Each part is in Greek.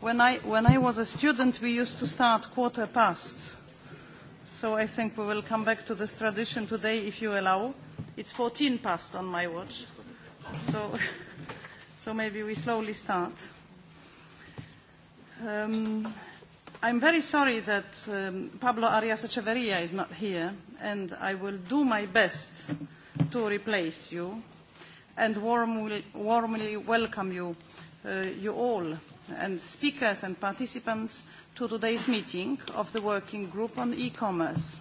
When I, when I was a student, we used to start quarter past. So I think we will come back to this tradition today, if you allow. It's 14 past on my watch. So, so maybe we slowly start. Um, I'm very sorry that Pablo Arias Echeverria is not here, and I will do my best to replace you and warmly welcome you you all and speakers and participants to today's meeting of the working group on e-commerce.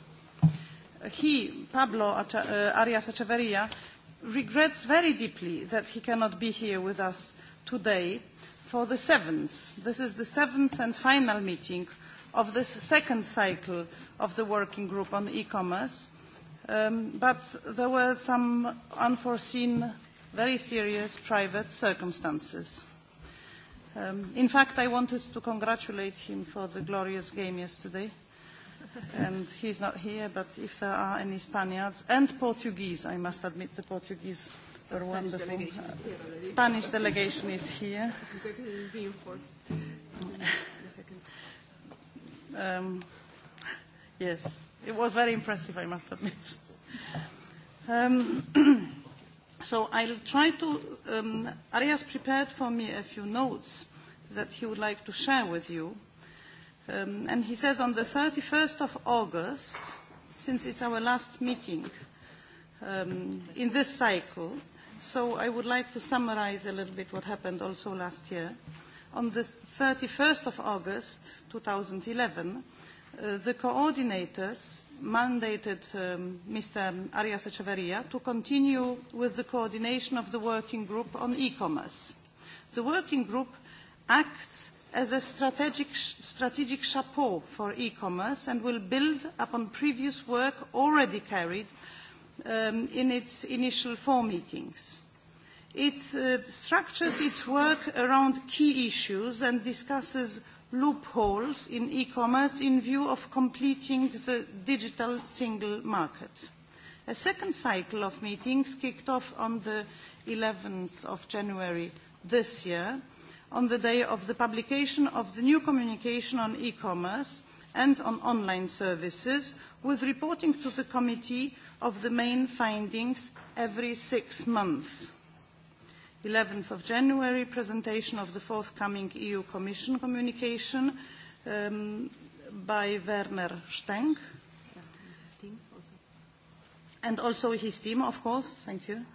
He, Pablo Arias Echeverria, regrets very deeply that he cannot be here with us today for the seventh. This is the seventh and final meeting of this second cycle of the working group on e-commerce, but there were some unforeseen very serious private circumstances. In fact, I wanted to congratulate him for the glorious game yesterday. And he's not here, but if there are any Spaniards and Portuguese, I must admit the Portuguese were wonderful. Spanish delegation is here. Yes, it was very impressive, I must admit. So I'll try to, Arias prepared for me a few notes that he would like to share with you. and he says on the 31st of August, since it's our last meeting in this cycle, so I would like to summarize a little bit what happened also last year. On the 31st of August 2011, uh, the coordinators mandated Mr. Arias Echeverria to continue with the coordination of the working group on e-commerce. The working group acts as a strategic chapeau for e-commerce and will build upon previous work already carried in its initial four meetings. It structures its work around key issues and discusses loopholes in e-commerce in view of completing the digital single market. A second cycle of meetings kicked off on the 11th of January this year, on the day of the publication of the new communication on e-commerce and on online services, with reporting to the committee of the main findings every six months. 11 of January, presentation of the forthcoming EU Commission communication by Werner Steng. And also his team, of course. Thank you.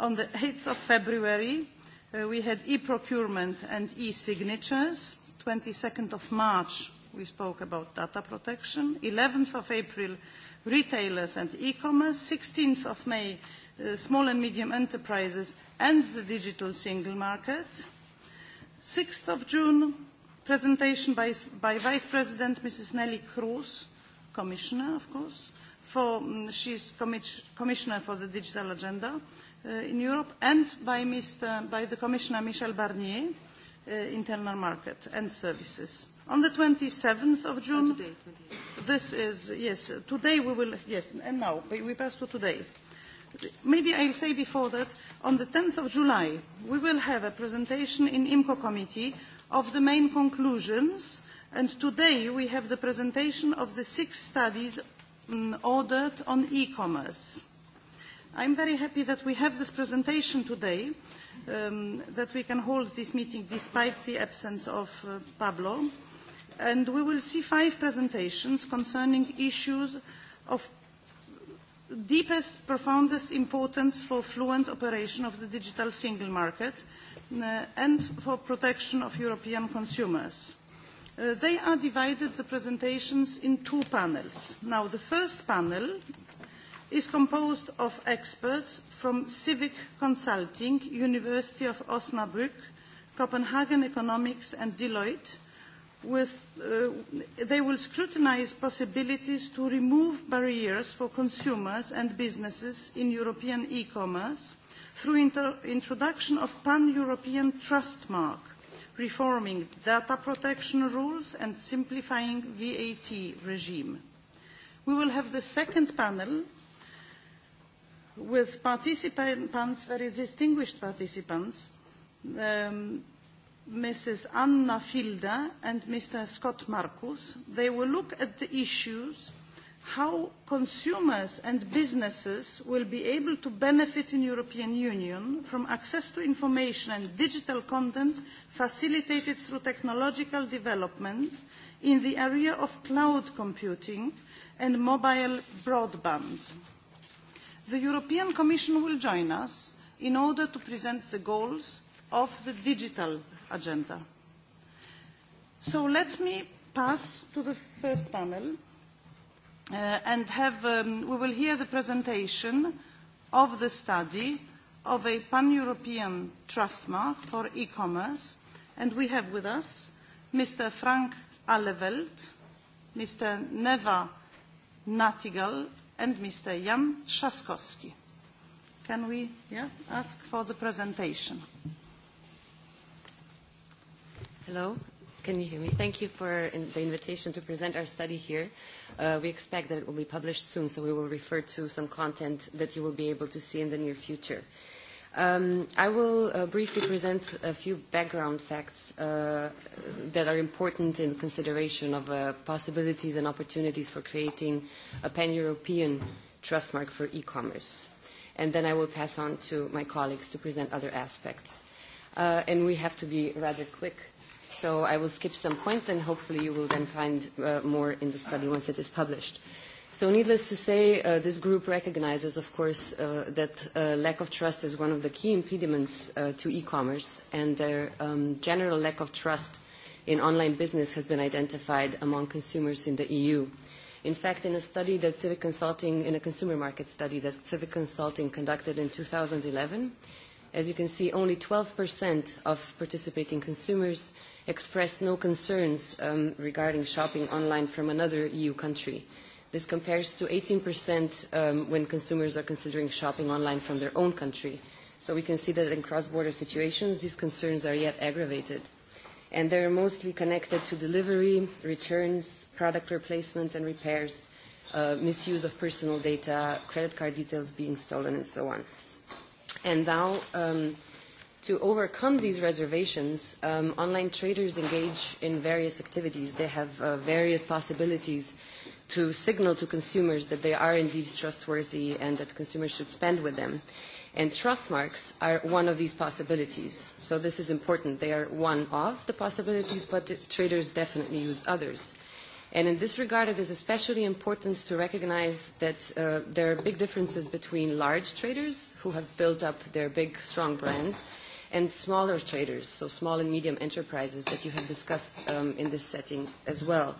On the 8th of February, we had e-procurement and e-signatures. 22nd of March, we spoke about data protection. 11th of April, retailers and e-commerce. 16th of May, small and medium enterprises and the digital single market. 6th of June, presentation by Vice President Mrs. Nelly Cruz, Commissioner, of course. for She is Commissioner for the Digital Agenda in Europe, and by by the Commissioner Michel Barnier, Internal Market and Services. On the 27th of June, this is, yes, today we will, yes, and now we pass to today. Maybe I'll say before that, on the 10th of July, we will have a presentation in IMCO committee of the main conclusions, and today we have the presentation of the six studies ordered on e-commerce. I'm very happy that we have this presentation today, that we can hold this meeting despite the absence of Pablo, and we will see five presentations concerning issues of deepest, profoundest importance for fluent operation of the digital single market and for protection of European consumers. They are divided, the presentations, in two panels. Now, the first panel is composed of experts from Civic Consulting, University of Osnabrück, Copenhagen Economics and Deloitte, with they will scrutinise possibilities to remove barriers for consumers and businesses in European e-commerce through introduction of pan-European trust mark, reforming data protection rules and simplifying VAT regime. We will have the second panel with participants, very distinguished participants Mrs. Anna Filda and Mr. Scott Marcus. They will look at the issues how consumers and businesses will be able to benefit in the European Union from access to information and digital content facilitated through technological developments in the area of cloud computing and mobile broadband. The European Commission will join us in order to present the goals of the digital agenda. So let me pass to the first panel and have we will hear the presentation of the study of a pan-European trust mark for e-commerce and we have with us Mr. Frank Alleveld, Mr. Neva Natigal and Mr. Jan Trzaskowski. Can we ask for the presentation? Hello. Can you hear me? Thank you for the invitation to present our study here. We expect that it will be published soon, so we will refer to some content that you will be able to see in the near future. I will briefly present a few background facts that are important in consideration of possibilities and opportunities for creating a pan-European trust mark for e-commerce. And then I will pass on to my colleagues to present other aspects. And we have to be rather quick so I will skip some points and hopefully you will then find more in the study once it is published. So needless to say, this group recognizes, of course, that lack of trust is one of the key impediments to e-commerce, and their general lack of trust in online business has been identified among consumers in the EU. In fact, in a study that Civic Consulting, in a consumer market study that Civic Consulting conducted in 2011, as you can see, only 12% of participating consumers expressed no concerns regarding shopping online from another EU country. This compares to 18% when consumers are considering shopping online from their own country. So we can see that in cross-border situations, these concerns are yet aggravated. And they are mostly connected to delivery, returns, product replacements and repairs, misuse of personal data, credit card details being stolen, and so on. And now To overcome these reservations, online traders engage in various activities. They have various possibilities to signal to consumers that they are indeed trustworthy and that consumers should spend with them. And trust marks are one of these possibilities. So this is important. They are one of the possibilities, but traders definitely use others. And in this regard, it is especially important to recognize that there are big differences between large traders who have built up their big, strong brands and smaller traders, so small and medium enterprises that you have discussed in this setting as well.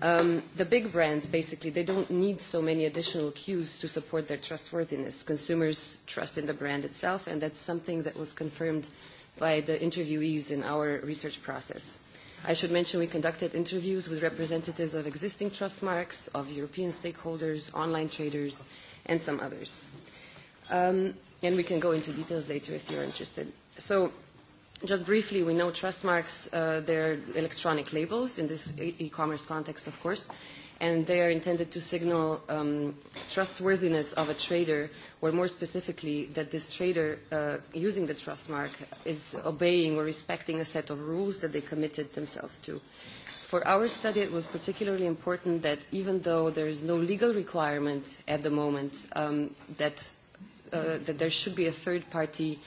The big brands, basically, they don't need so many additional cues to support their trustworthiness. Consumers trust in the brand itself, and that's something that was confirmed by the interviewees in our research process. I should mention we conducted interviews with representatives of existing trust marks, of European stakeholders, online traders, and some others. And we can go into details later if you're interested. So Just briefly, we know trust marks, they're electronic labels in this e-commerce context, of course, and they are intended to signal trustworthiness of a trader, or more specifically, that this trader using the trust mark is obeying or respecting a set of rules that they committed themselves to. For our study, it was particularly important that even though there is no legal requirement at the moment that there should be a third-party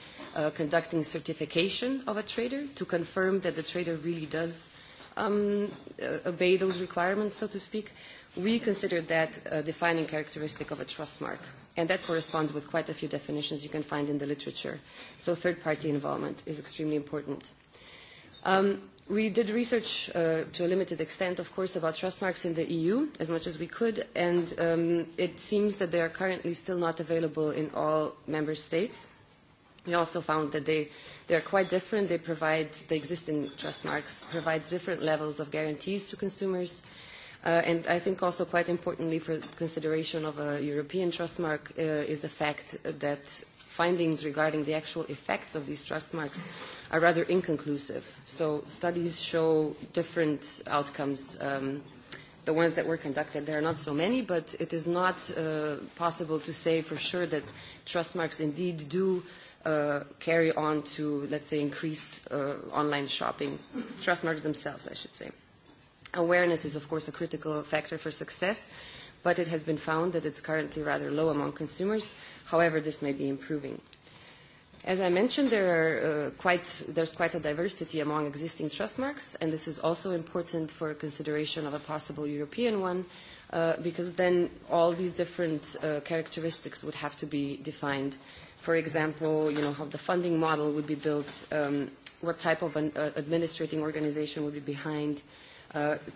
conducting certification of a trader to confirm that the trader really does obey those requirements, so to speak, we consider that a defining characteristic of a trust mark. And that corresponds with quite a few definitions you can find in the literature. So third-party involvement is extremely important. We did research to a limited extent, of course, about trust marks in the EU, as much as we could, and it seems that they are currently still not available in all member states We also found that they are quite different. They provide, the existing trust marks provide different levels of guarantees to consumers. And I think also quite importantly for consideration of a European trust mark is the fact that findings regarding the actual effects of these trust marks are rather inconclusive. So studies show different outcomes. The ones that were conducted, there are not so many, but it is not possible to say for sure that trust marks indeed do carry on to, let's say, increased online shopping, trust marks themselves, I should say. Awareness is, of course, a critical factor for success, but it has been found that it's currently rather low among consumers. However, this may be improving. As I mentioned, there there's quite a diversity among existing trust marks, and this is also important for consideration of a possible European one, because then all these different characteristics would have to be defined for example, you know, how the funding model would be built, what type of an administrating organization would be behind,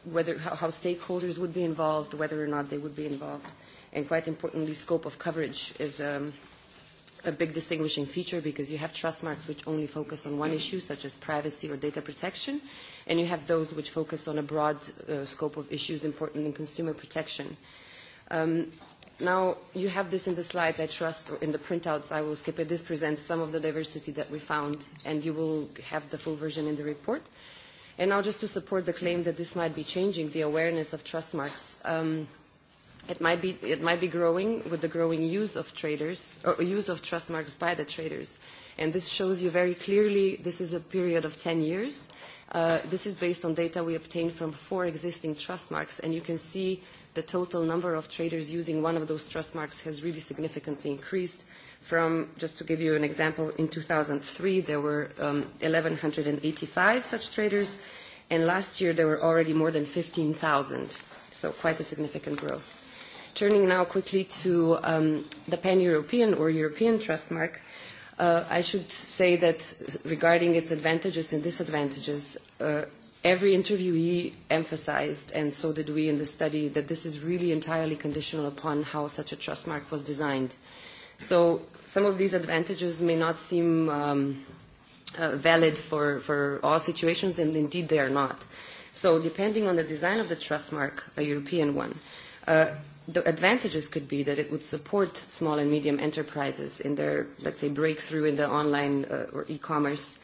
whether how stakeholders would be involved, whether or not they would be involved. And quite importantly, scope of coverage is a big distinguishing feature because you have trust marks which only focus on one issue, such as privacy or data protection, and you have those which focus on a broad scope of issues important in consumer protection. Now, you have this in the slides, I trust, in the printouts. I will skip it. This presents some of the diversity that we found, and you will have the full version in the report. And now, just to support the claim that this might be changing the awareness of trust marks, it might be growing with the growing use of traders, or use of trust marks by the traders. And this shows you very clearly this is a period of 10 years This is based on data we obtained from four existing trust marks, and you can see the total number of traders using one of those trust marks has really significantly increased. From, just to give you an example, in 2003 there were 1,185 such traders, and last year there were already more than 15,000, so quite a significant growth. Turning now quickly to the pan-European or European trust mark, I should say that regarding its advantages and disadvantages, every interviewee emphasized, and so did we in the study, that this is really entirely conditional upon how such a trust mark was designed. So some of these advantages may not seem valid for all situations, and indeed they are not. So depending on the design of the trust mark, a European one, the advantages could be that it would support small and medium enterprises in their, let's say, breakthrough in the online or e-commerce.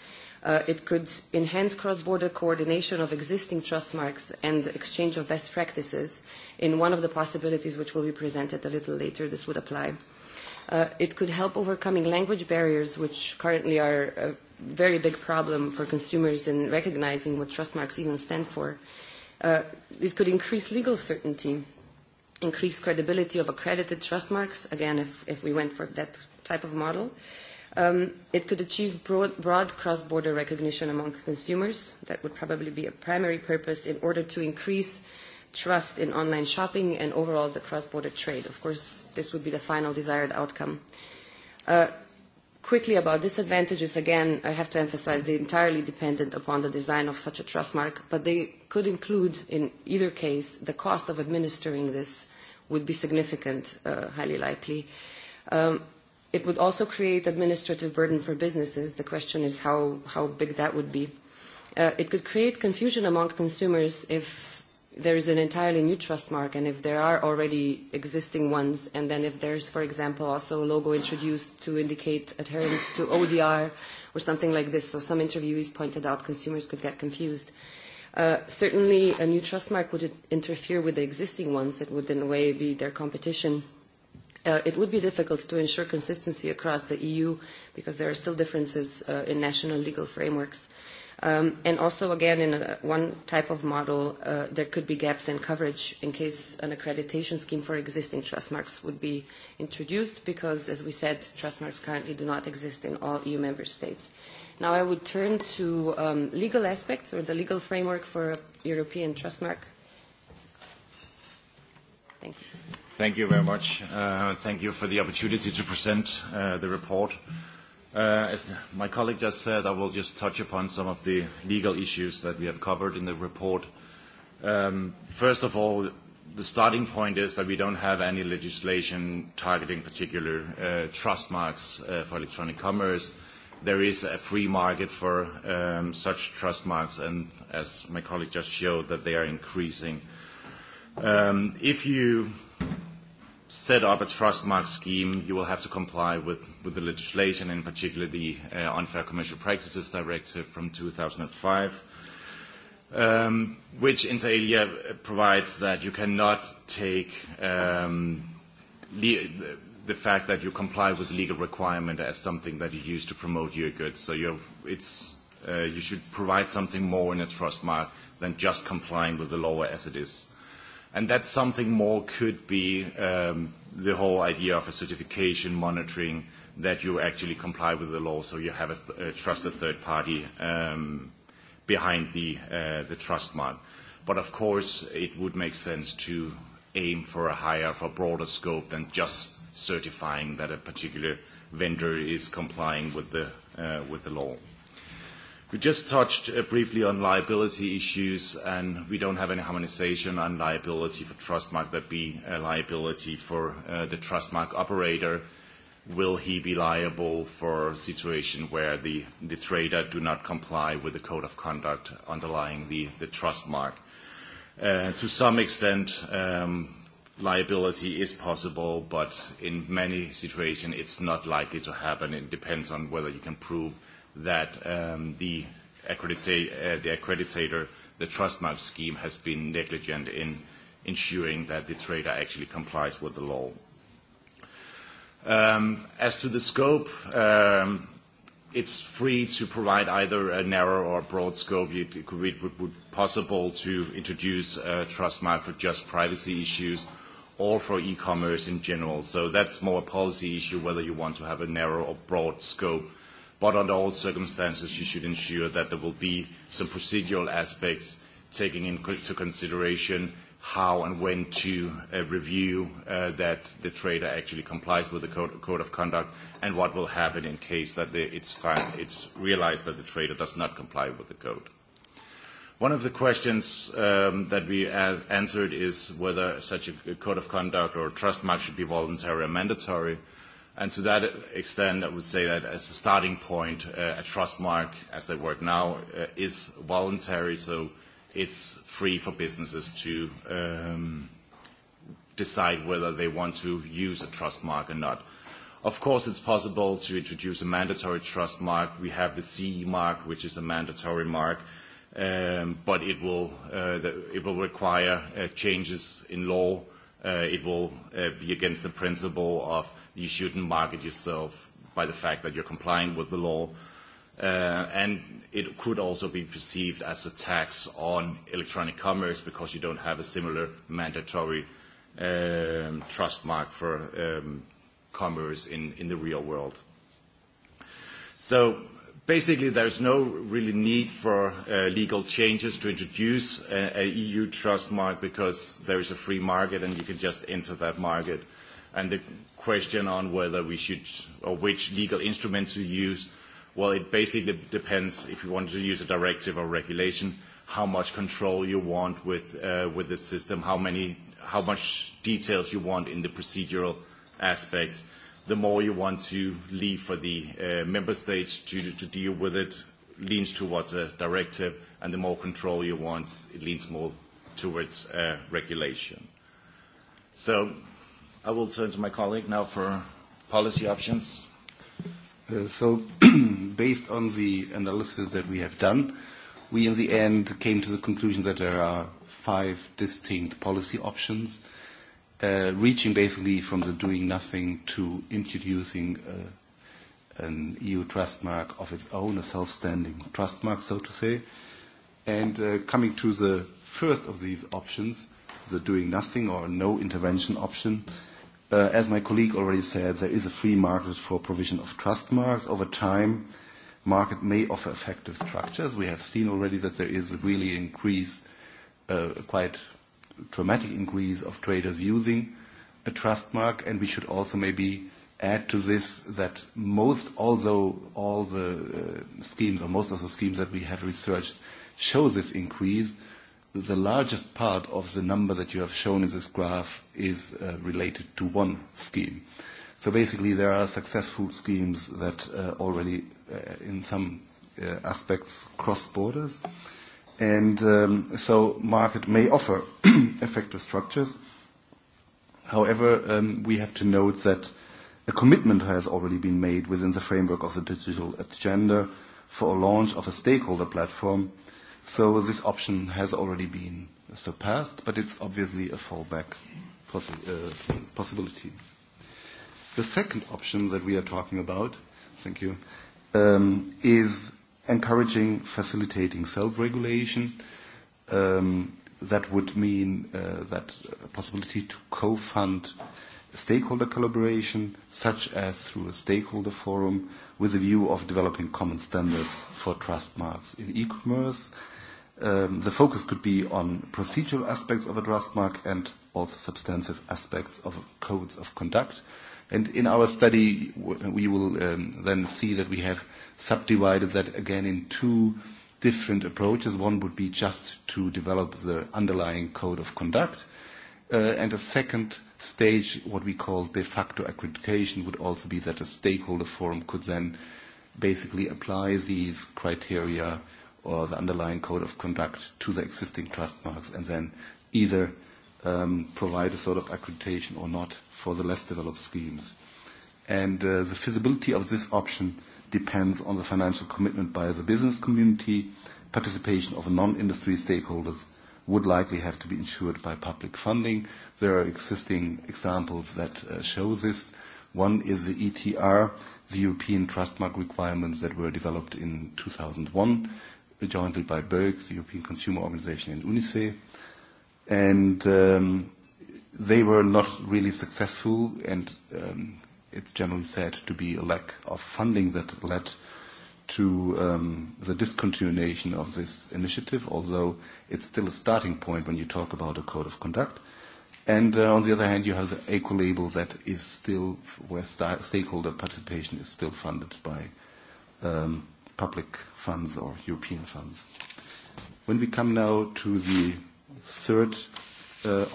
It could enhance cross-border coordination of existing trust marks and exchange of best practices. In one of the possibilities which will be presented a little later, this would apply. It could help overcoming language barriers, which currently are a very big problem for consumers in recognizing what trust marks even stand for. It could increase legal certainty Increase credibility of accredited trust marks, again, if we went for that type of model. It could achieve broad cross-border recognition among consumers. That would probably be a primary purpose in order to increase trust in online shopping and overall the cross-border trade. Of course, this would be the final desired outcome. Quickly about disadvantages, again, I have to emphasize they entirely dependent upon the design of such a trust mark, but they could include, in either case, the cost of administering this would be significant, highly likely. It would also create administrative burden for businesses. The question is how big that would be. It could create confusion among consumers if there is an entirely new trust mark and if there are already existing ones and then if there's for example also a logo introduced to indicate adherence to ODR or something like this so some interviewees pointed out consumers could get confused certainly a new trust mark would interfere with the existing ones it would in a way be their competition it would be difficult to ensure consistency across the EU because there are still differences in national legal frameworks And also, again, in one type of model, there could be gaps in coverage in case an accreditation scheme for existing trust marks would be introduced, because, as we said, trust marks currently do not exist in all EU member states. Now I would turn to legal aspects or the legal framework for a European trust mark. Thank you. Thank you very much. Thank you for the opportunity to present the report. As my colleague just said, I will just touch upon some of the legal issues that we have covered in the report. First of all, the starting point is that we don't have any legislation targeting particular trust marks for electronic commerce. There is a free market for such trust marks, and as my colleague just showed, that they are increasing. If you set up a trust mark scheme, you will have to comply with with the legislation, in particular the Unfair Commercial Practices Directive from 2005, which in alia provides that you cannot take the fact that you comply with legal requirement as something that you use to promote your goods. So you should provide something more in a trust mark than just complying with the law as it is And that's something more could be the whole idea of a certification monitoring that you actually comply with the law, so you have a trusted third party behind the the trust mark. But of course, it would make sense to aim for a higher, for a broader scope than just certifying that a particular vendor is complying with the with the law. We just touched briefly on liability issues, and we don't have any harmonization on liability for Trustmark. That be a liability for the Trustmark operator. Will he be liable for a situation where the trader do not comply with the code of conduct underlying the Trustmark? To some extent, liability is possible, but in many situations, it's not likely to happen. It depends on whether you can prove that the accreditator, the Trustmark scheme, has been negligent in ensuring that the trader actually complies with the law. As to the scope, it's free to provide either a narrow or broad scope. It could be possible to introduce a Trustmark for just privacy issues or for e-commerce in general. So that's more a policy issue whether you want to have a narrow or broad scope But under all circumstances, you should ensure that there will be some procedural aspects taking into consideration how and when to review that the trader actually complies with the code of conduct and what will happen in case that it's realized that the trader does not comply with the code. One of the questions that we answered is whether such a code of conduct or trust mark should be voluntary or mandatory. And to that extent, I would say that as a starting point, a trust mark, as they work now, is voluntary, so it's free for businesses to decide whether they want to use a trust mark or not. Of course, it's possible to introduce a mandatory trust mark. We have the CE mark, which is a mandatory mark, but it will require changes in law it will be against the principle of you shouldn't market yourself by the fact that you're complying with the law. And it could also be perceived as a tax on electronic commerce because you don't have a similar mandatory trust mark for commerce in the real world. So Basically, there is no really need for legal changes to introduce an EU trust mark because there is a free market and you can just enter that market. And the question on whether we should or which legal instruments to use, well, it basically depends if you want to use a directive or regulation, how much control you want with with the system, how many, how much details you want in the procedural aspects the more you want to leave for the member states to deal with it leans towards a directive, and the more control you want, it leans more towards regulation. So I will turn to my colleague now for policy options. So based on the analysis that we have done, we in the end came to the conclusion that there are five distinct policy options reaching basically from the doing nothing to introducing an EU trust mark of its own, a self-standing trust mark, so to say. And coming to the first of these options, the doing nothing or no intervention option, as my colleague already said, there is a free market for provision of trust marks. Over time, market may offer effective structures. We have seen already that there is a really increase, quite dramatic increase of traders using a trust mark, and we should also maybe add to this that most, although all the schemes or most of the schemes that we have researched show this increase, the largest part of the number that you have shown in this graph is related to one scheme. So basically there are successful schemes that already in some aspects cross borders and so market may offer effective structures. However, we have to note that a commitment has already been made within the framework of the digital agenda for a launch of a stakeholder platform, so this option has already been surpassed, but it's obviously a fallback possibility. The second option that we are talking about, thank you, is encouraging, facilitating self-regulation. That would mean that possibility to co-fund stakeholder collaboration, such as through a stakeholder forum, with a view of developing common standards for trust marks in e-commerce. The focus could be on procedural aspects of a trust mark and also substantive aspects of codes of conduct. And in our study, we will then see that we have subdivided that again in two different approaches. One would be just to develop the underlying code of conduct, and a second stage, what we call de facto accreditation, would also be that a stakeholder forum could then basically apply these criteria or the underlying code of conduct to the existing trust marks and then either provide a sort of accreditation or not for the less developed schemes. And the feasibility of this option depends on the financial commitment by the business community. Participation of non-industry stakeholders would likely have to be ensured by public funding. There are existing examples that show this. One is the ETR, the European Trustmark requirements that were developed in 2001, jointly by BERG, the European Consumer Organization, and UNICE. And they were not really successful, and it's generally said to be a lack of funding that led to the discontinuation of this initiative, although it's still a starting point when you talk about a code of conduct. And on the other hand, you have the ECO label that is still where stakeholder participation is still funded by public funds or European funds. When we come now to the third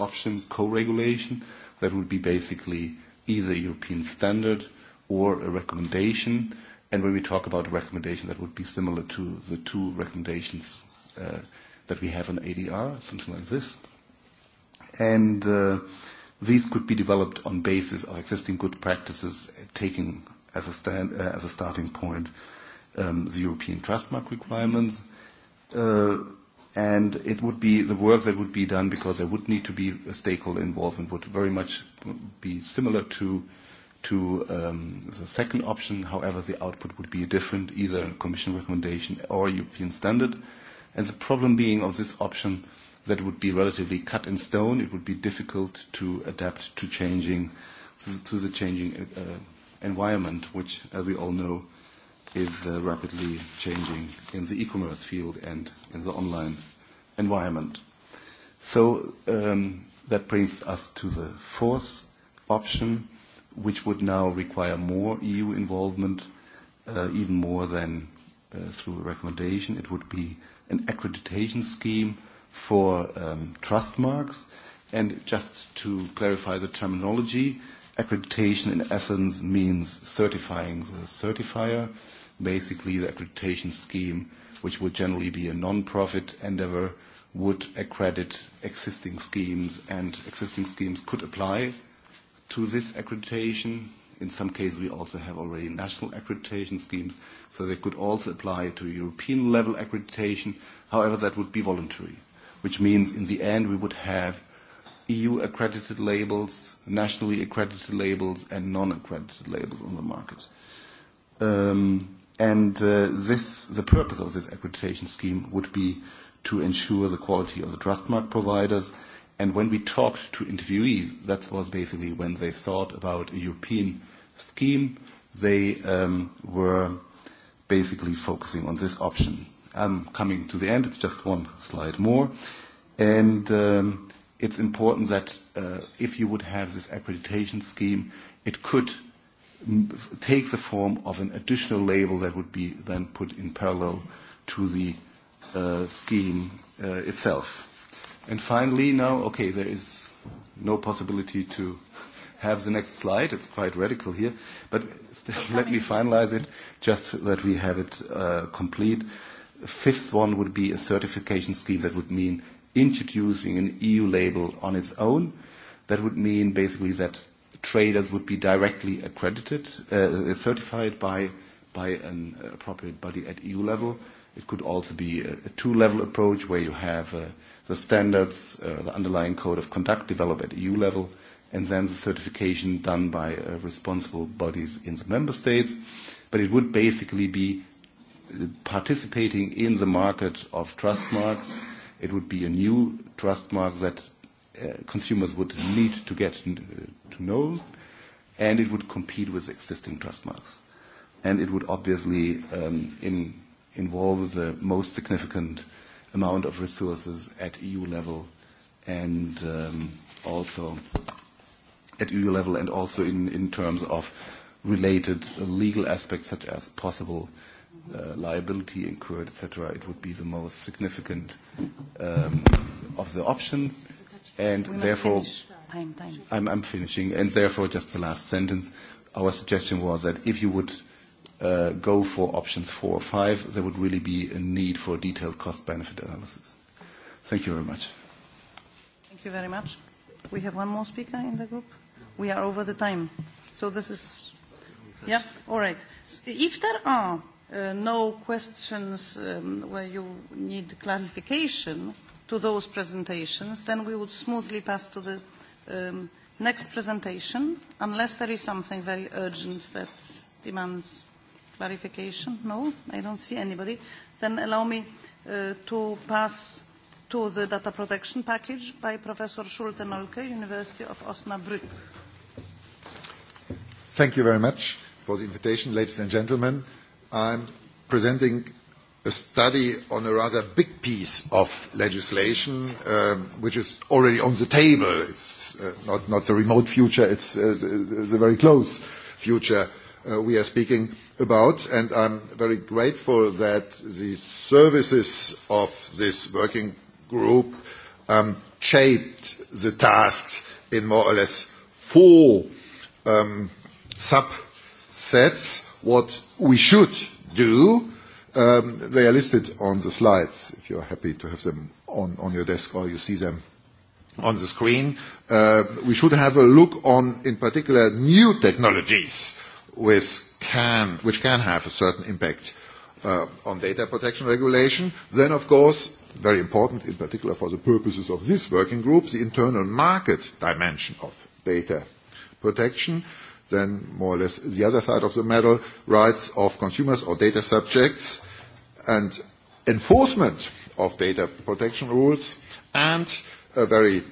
option, co-regulation, that would be basically either a European standard or a recommendation. And when we talk about a recommendation, that would be similar to the two recommendations that we have on ADR, something like this. And these could be developed on basis of existing good practices, taking as a starting point the European trust mark requirements and it would be the work that would be done because there would need to be a stakeholder involvement would very much be similar to the second option however the output would be different either a commission recommendation or european standard and the problem being of this option that would be relatively cut in stone it would be difficult to adapt to to the changing environment which as we all know is rapidly changing in the e-commerce field and the online environment. So that brings us to the fourth option, which would now require more EU involvement, even more than through a recommendation. It would be an accreditation scheme for trust marks. And just to clarify the terminology, accreditation in essence means certifying the certifier. Basically, the accreditation scheme which would generally be a non-profit endeavor, would accredit existing schemes, and existing schemes could apply to this accreditation. In some cases, we also have already national accreditation schemes, so they could also apply to European level accreditation. However, that would be voluntary, which means in the end we would have EU accredited labels, nationally accredited labels, and non-accredited labels on the market. And this, the purpose of this accreditation scheme would be to ensure the quality of the trust mark providers. And when we talked to interviewees, that was basically when they thought about a European scheme, they were basically focusing on this option. I'm coming to the end. It's just one slide more. And it's important that if you would have this accreditation scheme, it could take the form of an additional label that would be then put in parallel to the scheme itself. And finally, now, okay, there is no possibility to have the next slide. It's quite radical here, but let me finalize it just that we have it complete. The fifth one would be a certification scheme that would mean introducing an EU label on its own. That would mean basically that traders would be directly accredited, certified by an appropriate body at EU level. It could also be a two-level approach where you have the standards, the underlying code of conduct developed at EU level, and then the certification done by responsible bodies in the member states. But it would basically be participating in the market of trust marks. It would be a new trust mark that consumers would need to get to know, and it would compete with existing trust marks, And it would obviously involve the most significant amount of resources at EU level and also at EU level and also in terms of related legal aspects such as possible liability incurred, etc. It would be the most significant of the options And therefore, I'm finishing. And therefore, just the last sentence. Our suggestion was that if you would go for options four or five, there would really be a need for detailed cost-benefit analysis. Thank you very much. Thank you very much. We have one more speaker in the group. We are over the time. So this is, yeah, all right. If there are no questions where you need clarification, to those presentations, then we would smoothly pass to the next presentation, unless there is something very urgent that demands clarification. No, I don't see anybody. Then allow me to pass to the data protection package by Professor Schulte Nolke, University of Osnabrück. Thank you very much for the invitation, ladies and gentlemen. I'm presenting a study on a rather big piece of legislation which is already on the table. It's not not the remote future, it's the very close future we are speaking about. And I'm very grateful that the services of this working group shaped the task in more or less four subsets. What we should do They are listed on the slides, if you are happy to have them on your desk or you see them on the screen. We should have a look on, in particular, new technologies which can have a certain impact on data protection regulation. Then, of course, very important, in particular for the purposes of this working group, the internal market dimension of data protection. Then, more or less, the other side of the medal, rights of consumers or data subjects and enforcement of data protection rules and a very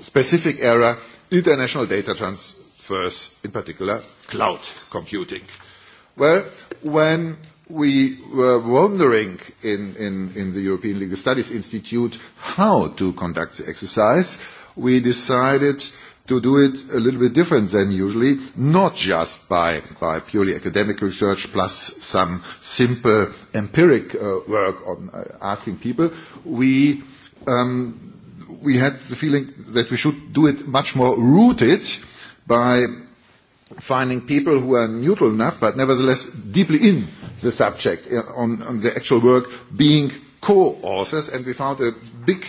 specific area, international data transfers, in particular cloud computing. Well, when we were wondering in the European Legal Studies Institute how to conduct the exercise, we decided to do it a little bit different than usually, not just by purely academic research plus some simple empiric work on asking people. We had the feeling that we should do it much more rooted by finding people who are neutral enough but nevertheless deeply in the subject, on the actual work, being co-authors. And we found a big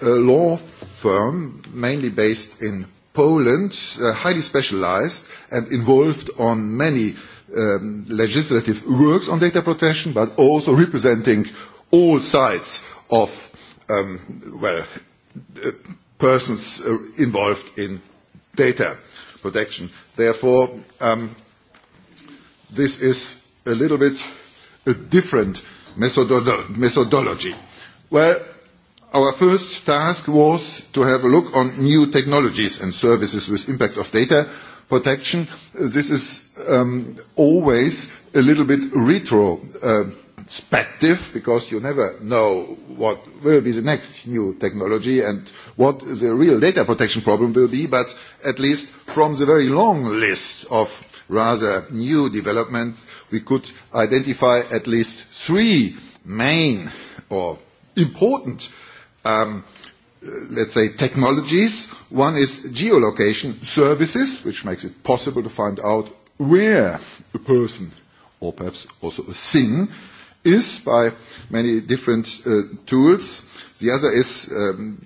law firm, mainly based in Poland, highly specialized and involved on many legislative works on data protection, but also representing all sides of well persons involved in data protection. Therefore, this is a little bit a different methodology. Well, Our first task was to have a look on new technologies and services with impact of data protection. This is always a little bit retrospective because you never know what will be the next new technology and what the real data protection problem will be, but at least from the very long list of rather new developments, we could identify at least three main or important let's say, technologies. One is geolocation services, which makes it possible to find out where a person, or perhaps also a thing, is by many different tools. The other is,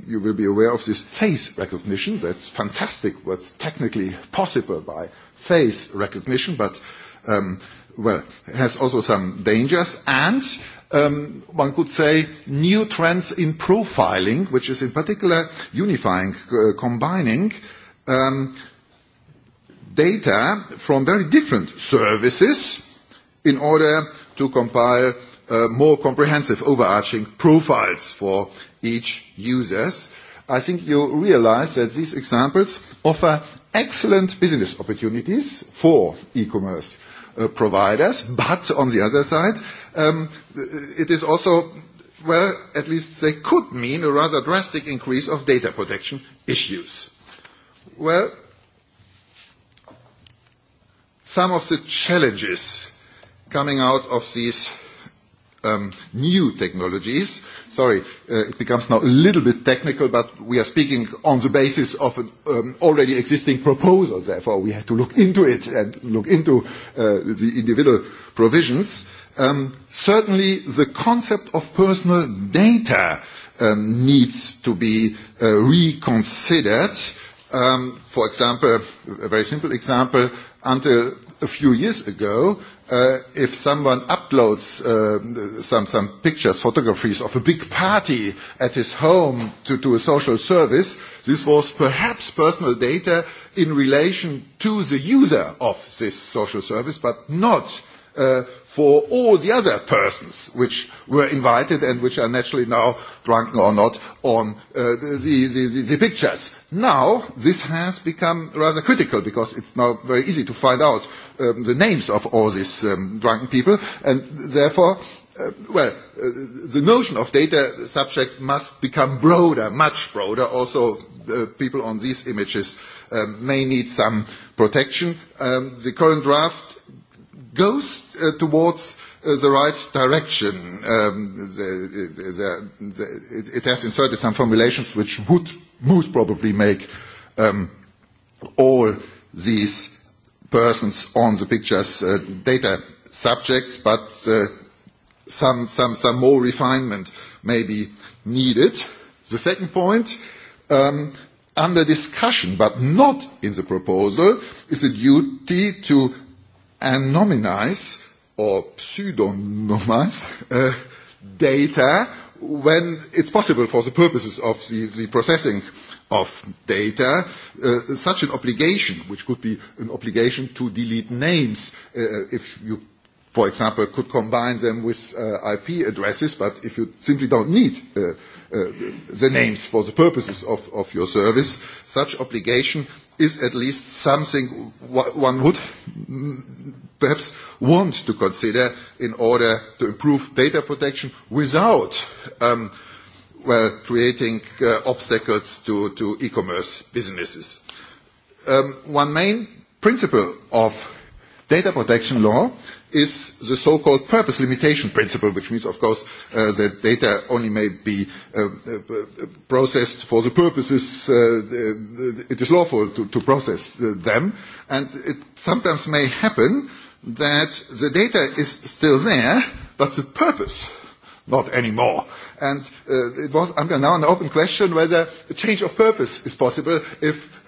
you will be aware of this face recognition. That's fantastic, what's technically possible by face recognition, but, well, it has also some dangers. And one could say, new trends in profiling, which is in particular unifying, combining data from very different services in order to compile more comprehensive overarching profiles for each users. I think you realize that these examples offer excellent business opportunities for e-commerce providers, but on the other side, it is also, well, at least they could mean a rather drastic increase of data protection issues. Well, some of the challenges coming out of these new technologies. Sorry, it becomes now a little bit technical, but we are speaking on the basis of an already existing proposal. Therefore, we have to look into it and look into the individual provisions. Certainly, the concept of personal data needs to be reconsidered. For example, a very simple example, until a few years ago, if someone uploads some some pictures, photographies of a big party at his home to to a social service, this was perhaps personal data in relation to the user of this social service, but not for all the other persons which were invited and which are naturally now, drunken or not, on the pictures. Now, this has become rather critical because it's now very easy to find out the names of all these drunken people and therefore, well, the notion of data subject must become broader, much broader. Also, people on these images may need some protection. The current draft goes towards the right direction. It has inserted some formulations which would most probably make all these persons on the pictures data subjects, but some some some more refinement may be needed. The second point under discussion but not in the proposal is the duty to and nominize or pseudonymize data when it's possible for the purposes of the processing of data, such an obligation, which could be an obligation to delete names if you, for example, could combine them with IP addresses, but if you simply don't need the names for the purposes of your service, such obligation is at least something one would perhaps want to consider in order to improve data protection without creating obstacles to to e-commerce businesses. One main principle of data protection law is the so-called purpose limitation principle, which means, of course, that data only may be processed for the purposes it is lawful to process them. And it sometimes may happen that the data is still there, but the purpose not anymore. And it was until now an open question whether a change of purpose is possible if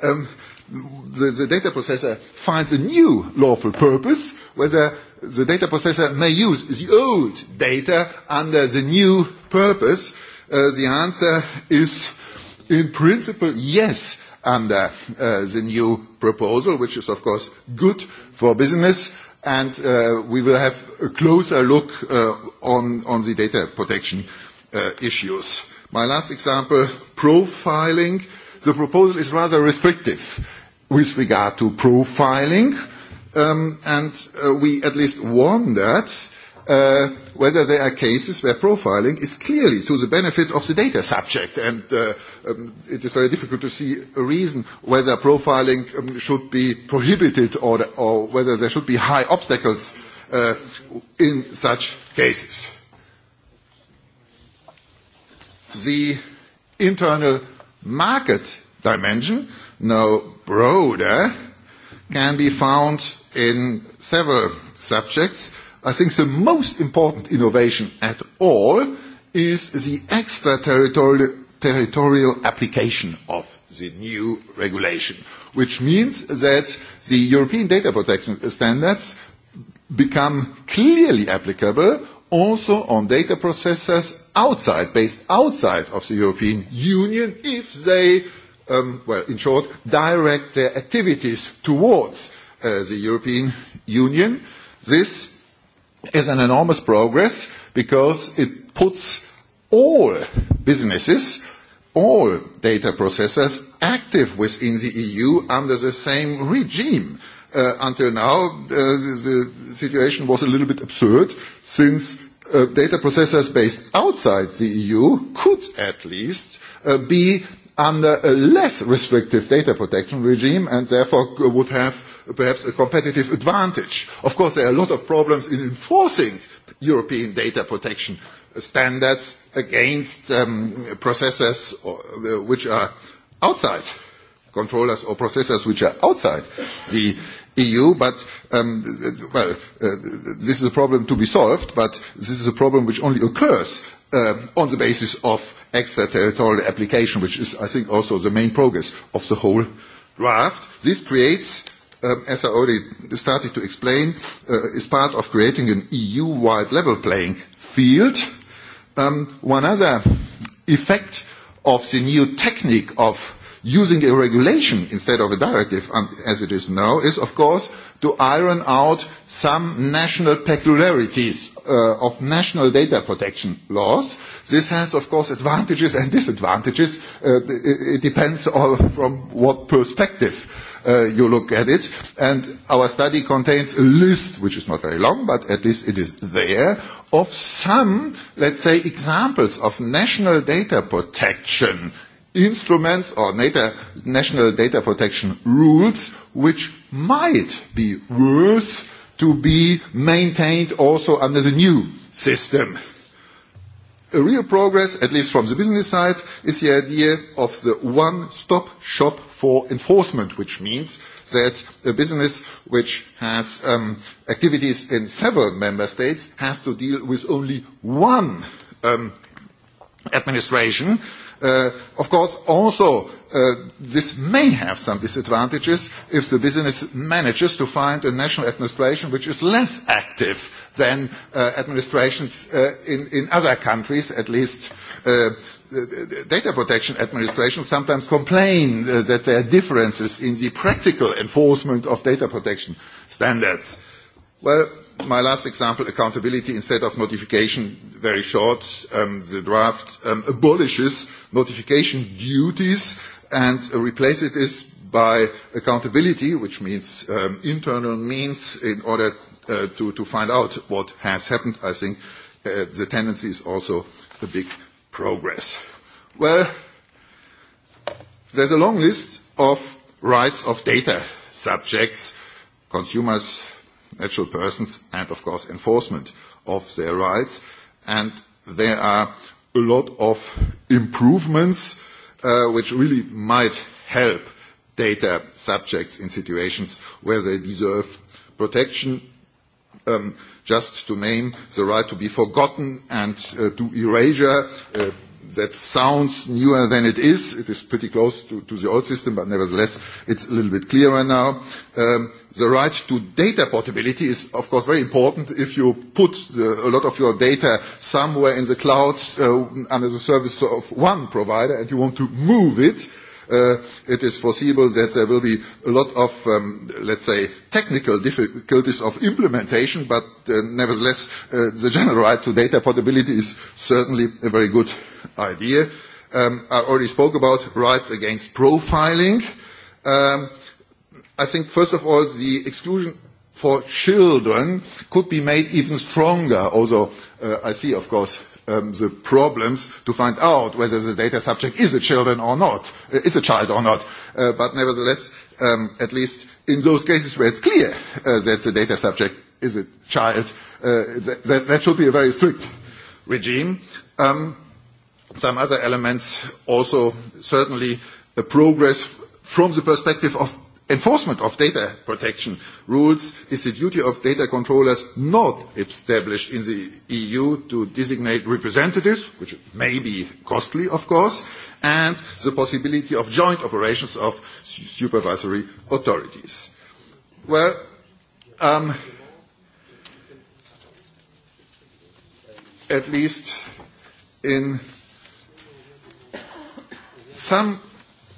the data processor finds a new lawful purpose, whether the data processor may use the old data under the new purpose? The answer is, in principle, yes, under the new proposal, which is, of course, good for business, and we will have a closer look on the data protection issues. My last example, profiling. The proposal is rather restrictive with regard to profiling and we at least warn that whether there are cases where profiling is clearly to the benefit of the data subject and it is very difficult to see a reason whether profiling should be prohibited or whether there should be high obstacles in such cases. The internal market dimension, now broader, can be found in several subjects. I think the most important innovation at all is the extraterritorial application of the new regulation, which means that the European data protection standards become clearly applicable also on data processors outside, based outside of the European Union, if they, well, in short, direct their activities towards the European Union. This is an enormous progress because it puts all businesses, all data processors active within the EU under the same regime. Until now, the situation was a little bit absurd since data processors based outside the EU could at least be under a less restrictive data protection regime and therefore would have perhaps a competitive advantage. Of course, there are a lot of problems in enforcing European data protection standards against processors which are outside controllers or processors which are outside the EU, but well, this is a problem to be solved, but this is a problem which only occurs on the basis of extraterritorial application, which is, I think, also the main progress of the whole draft. This creates as I already started to explain, is part of creating an EU-wide level playing field. One other effect of the new technique of using a regulation instead of a directive as it is now is, of course, to iron out some national peculiarities of national data protection laws. This has, of course, advantages and disadvantages. It depends from what perspective you look at it. And our study contains a list, which is not very long, but at least it is there, of some, let's say, examples of national data protection instruments or national data protection rules which might be worth to be maintained also under the new system. A real progress, at least from the business side, is the idea of the one-stop shop for enforcement, which means that a business which has activities in several member states has to deal with only one administration. Of course, also this may have some disadvantages if the business manages to find a national administration which is less active than administrations in other countries, at least data protection administrations sometimes complain that there are differences in the practical enforcement of data protection standards. Well, my last example, accountability instead of notification, very short. The draft abolishes notification duties and replaces it by accountability, which means internal means in order to find out what has happened. I think the tendency is also a big progress? Well, there's a long list of rights of data subjects, consumers, natural persons, and of course enforcement of their rights. And there are a lot of improvements which really might help data subjects in situations where they deserve protection just to name the right to be forgotten and to erasure. That sounds newer than it is. It is pretty close to the old system, but nevertheless, it's a little bit clearer now. The right to data portability is, of course, very important. If you put a lot of your data somewhere in the clouds under the service of one provider and you want to move it, it is foreseeable that there will be a lot of, let's say, technical difficulties of implementation, but nevertheless, the general right to data portability is certainly a very good idea. I already spoke about rights against profiling. I think, first of all, the exclusion for children could be made even stronger, although I see, of course, the problems to find out whether the data subject is a children or not, is a child or not. But nevertheless, at least in those cases where it's clear that the data subject is a child, that should be a very strict regime. Some other elements also certainly a progress from the perspective of Enforcement of data protection rules is the duty of data controllers not established in the EU to designate representatives, which may be costly, of course, and the possibility of joint operations of supervisory authorities. Well, at least in some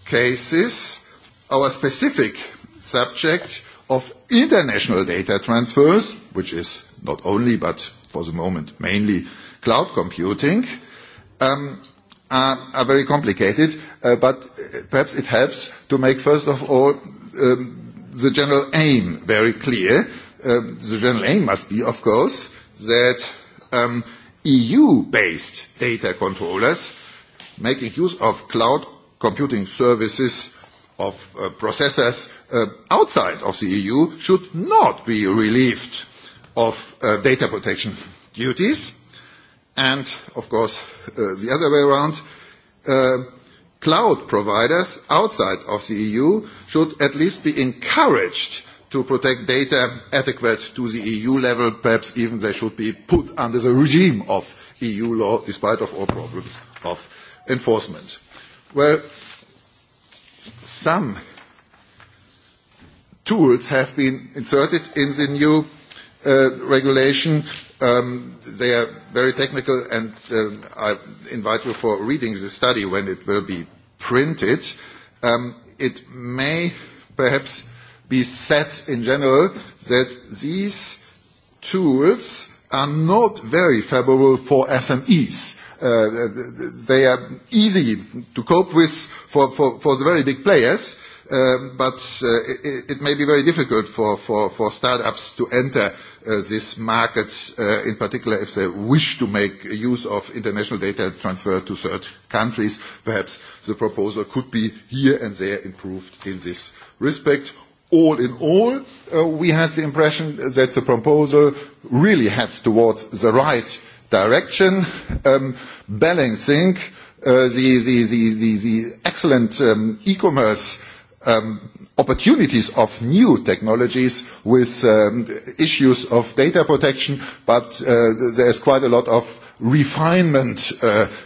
cases, our specific subject of international data transfers, which is not only but for the moment mainly cloud computing, are very complicated, but perhaps it helps to make first of all the general aim very clear. The general aim must be, of course, that EU-based data controllers making use of cloud computing services of processors outside of the EU should not be relieved of data protection duties. And, of course, the other way around, cloud providers outside of the EU should at least be encouraged to protect data adequate to the EU level. Perhaps even they should be put under the regime of EU law, despite of all problems of enforcement. Well, some tools have been inserted in the new regulation. They are very technical, and I invite you for reading the study when it will be printed. It may perhaps be said in general that these tools are not very favorable for SMEs they are easy to cope with for for the very big players, but it may be very difficult for for for startups to enter this market, in particular if they wish to make use of international data transfer to third countries. Perhaps the proposal could be here and there improved in this respect. All in all, we had the impression that the proposal really heads towards the right direction, balancing the excellent e-commerce opportunities of new technologies with issues of data protection, but there is quite a lot of refinement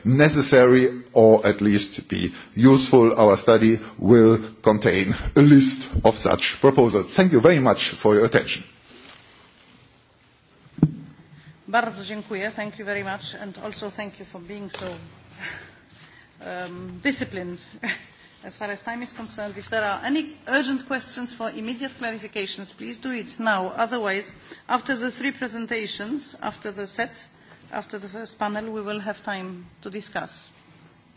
necessary or at least be useful. Our study will contain a list of such proposals. Thank you very much for your attention. Bardzo dziękuję. Thank you very much. And also thank you for being so um, disciplined as far as time is concerned. If there are any urgent questions for immediate clarifications, please do it now. Otherwise, after the three presentations, after the set, after the first panel, we will have time to discuss.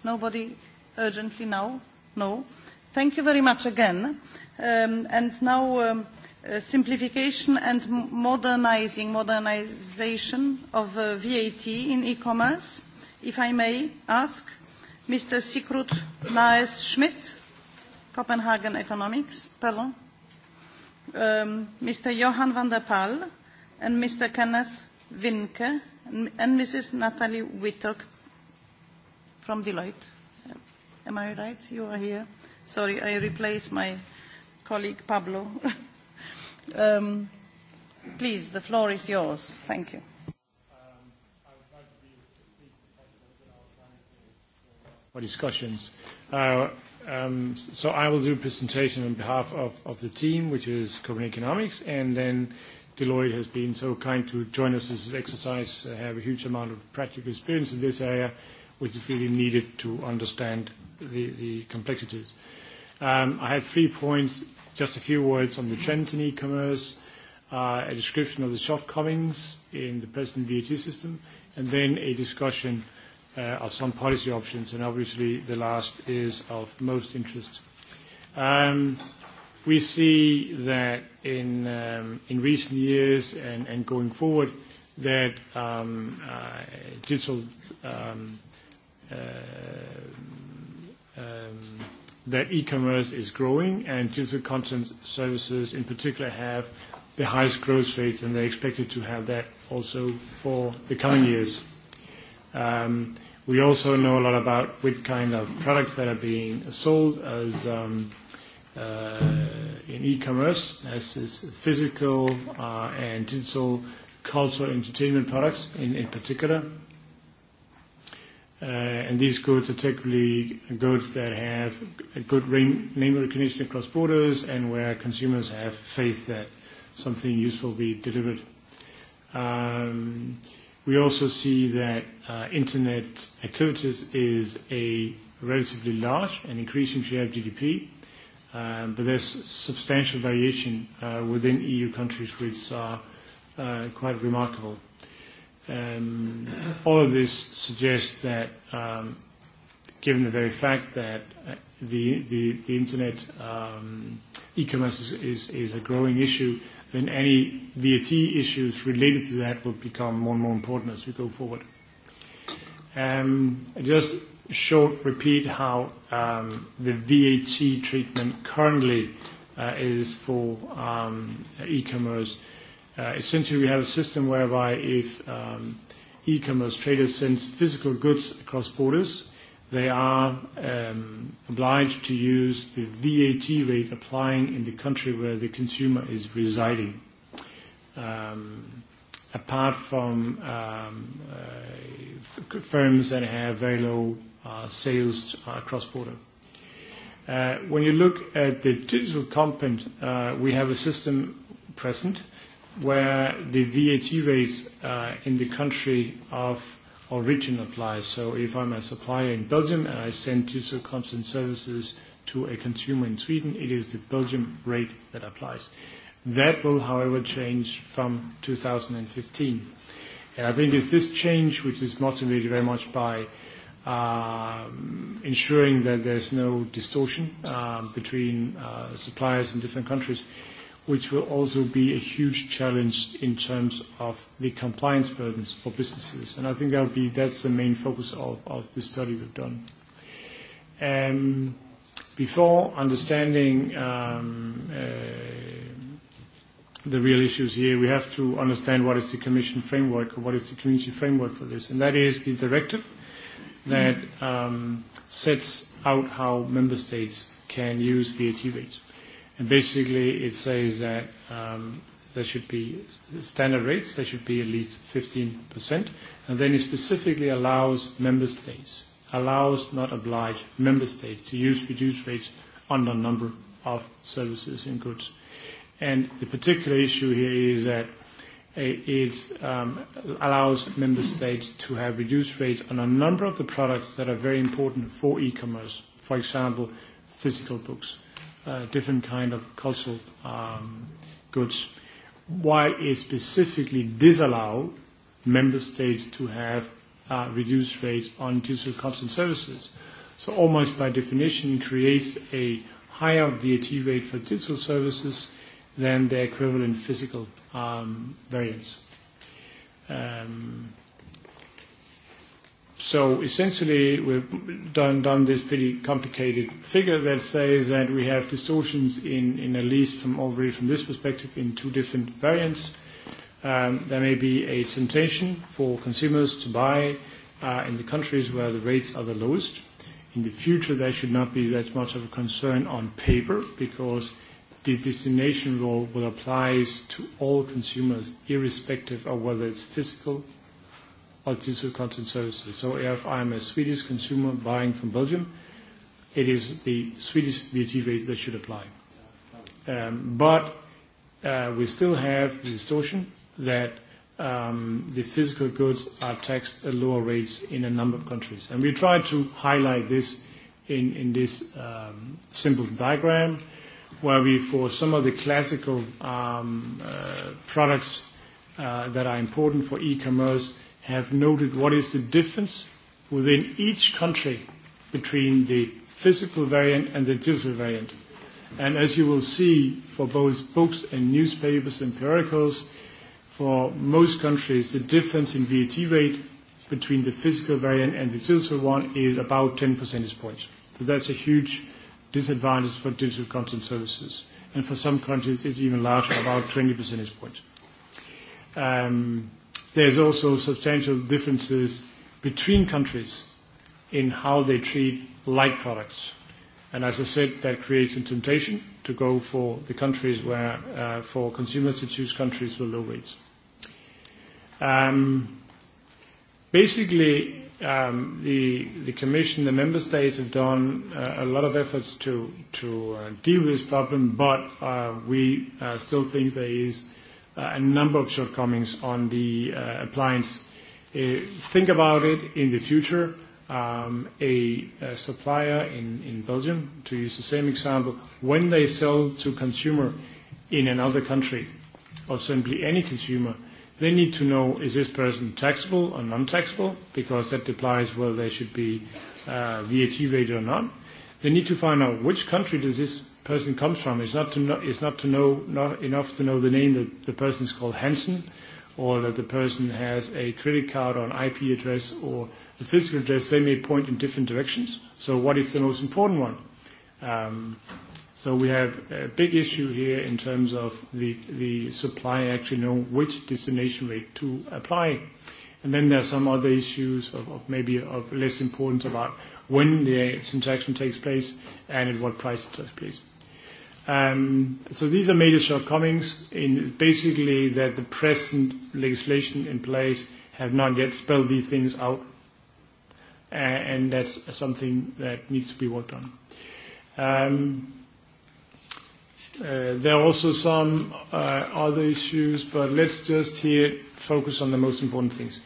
Nobody urgently now? No. Thank you very much again. Um, and now... Um, simplification and modernizing modernization of VAT in e-commerce. If I may ask, Mr. Sigurd Naes Schmidt, Copenhagen Economics, pardon, Mr. Johan van der Pal, and Mr. Kenneth Winke, and Mrs. Natalie Wittok from Deloitte. Am I right? You are here. Sorry, I replace my colleague Pablo. Please, the floor is yours. Thank you. For discussions. So I will do a presentation on behalf of the team, which is Copenhagen Economics, and then Deloitte has been so kind to join us in this exercise. have a huge amount of practical experience in this area, which is really needed to understand the complexities. I have three points Just a few words on the trends in e-commerce, a description of the shortcomings in the present VAT system, and then a discussion of some policy options, and obviously the last is of most interest. We see that in in recent years and going forward that digital that e-commerce is growing and digital content services in particular have the highest growth rates and they're expected to have that also for the coming years. We also know a lot about what kind of products that are being sold as in e-commerce, as is physical and digital cultural entertainment products in particular and these goods are typically goods that have good name recognition across borders and where consumers have faith that something useful will be delivered. We also see that internet activities is a relatively large and increasing share of GDP, but there's substantial variation within EU countries which are quite remarkable. All of this suggests that, given the very fact that the the internet e-commerce is is a growing issue, then any VAT issues related to that will become more and more important as we go forward. Just short repeat how the VAT treatment currently is for e-commerce. Essentially, we have a system whereby if e-commerce traders send physical goods across borders, they are obliged to use the VAT rate applying in the country where the consumer is residing. Apart from firms that have very low sales across border. When you look at the digital content, we have a system present where the VAT rate in the country of origin applies. So if I'm a supplier in Belgium and I send two content services to a consumer in Sweden, it is the Belgium rate that applies. That will, however, change from 2015. And I think it's this change which is motivated very much by ensuring that there's no distortion between suppliers in different countries which will also be a huge challenge in terms of the compliance burdens for businesses. And I think that be that's the main focus of, of the study we've done. before understanding the real issues here, we have to understand what is the Commission framework or what is the community framework for this. And that is the directive that um, sets out how member states can use VAT rates basically, it says that there should be standard rates, there should be at least 15%, and then it specifically allows member states, allows, not obliged member states to use reduced rates on a number of services and goods. And the particular issue here is that it allows member states to have reduced rates on a number of the products that are very important for e-commerce, for example, physical books different kind of cultural goods, while it specifically disallow member states to have reduced rates on digital goods and services. So almost by definition creates a higher VAT rate for digital services than their equivalent physical variance. Um So essentially, we've done, this pretty complicated figure that says that we have distortions in, in at least from already from this perspective in two different variants. there may be a temptation for consumers to buy in the countries where the rates are the lowest. In the future, there should not be that much of a concern on paper because the destination rule will apply to all consumers irrespective of whether it's physical of digital content services. So if I'm a Swedish consumer buying from Belgium, it is the Swedish VAT rate that should apply. But we still have the distortion that the physical goods are taxed at lower rates in a number of countries. And we try to highlight this in in this um simple diagram where we, for some of the classical um products that are important for e-commerce, have noted what is the difference within each country between the physical variant and the digital variant. And as you will see for both books and newspapers and periodicals, for most countries the difference in VAT rate between the physical variant and the digital one is about 10 percentage points. So that's a huge disadvantage for digital content services. And for some countries it's even larger, about 20 percentage points. Um, There's also substantial differences between countries in how they treat like products. And as I said, that creates a temptation to go for the countries where, for consumers to choose countries with low rates. Basically, the the Commission, the Member States have done a lot of efforts to to deal with this problem, but we still think there is a number of shortcomings on the appliance. Think about it in the future. A supplier in in Belgium, to use the same example, when they sell to consumer in another country, or simply any consumer, they need to know is this person taxable or non-taxable, because that applies whether they should be VAT rated or not. They need to find out which country does this person comes from. is not to know, it's not to know not enough to know the name that the person is called Hansen, or that the person has a credit card or an IP address or the physical address. They may point in different directions. So what is the most important one? Um, so we have a big issue here in terms of the the supplier actually know which destination rate to apply. And then there are some other issues of, of maybe of less importance about when the transaction takes place and at what price it takes place. So these are major shortcomings in basically that the present legislation in place have not yet spelled these things out, and that's something that needs to be worked on. There are also some other issues, but let's just here focus on the most important things.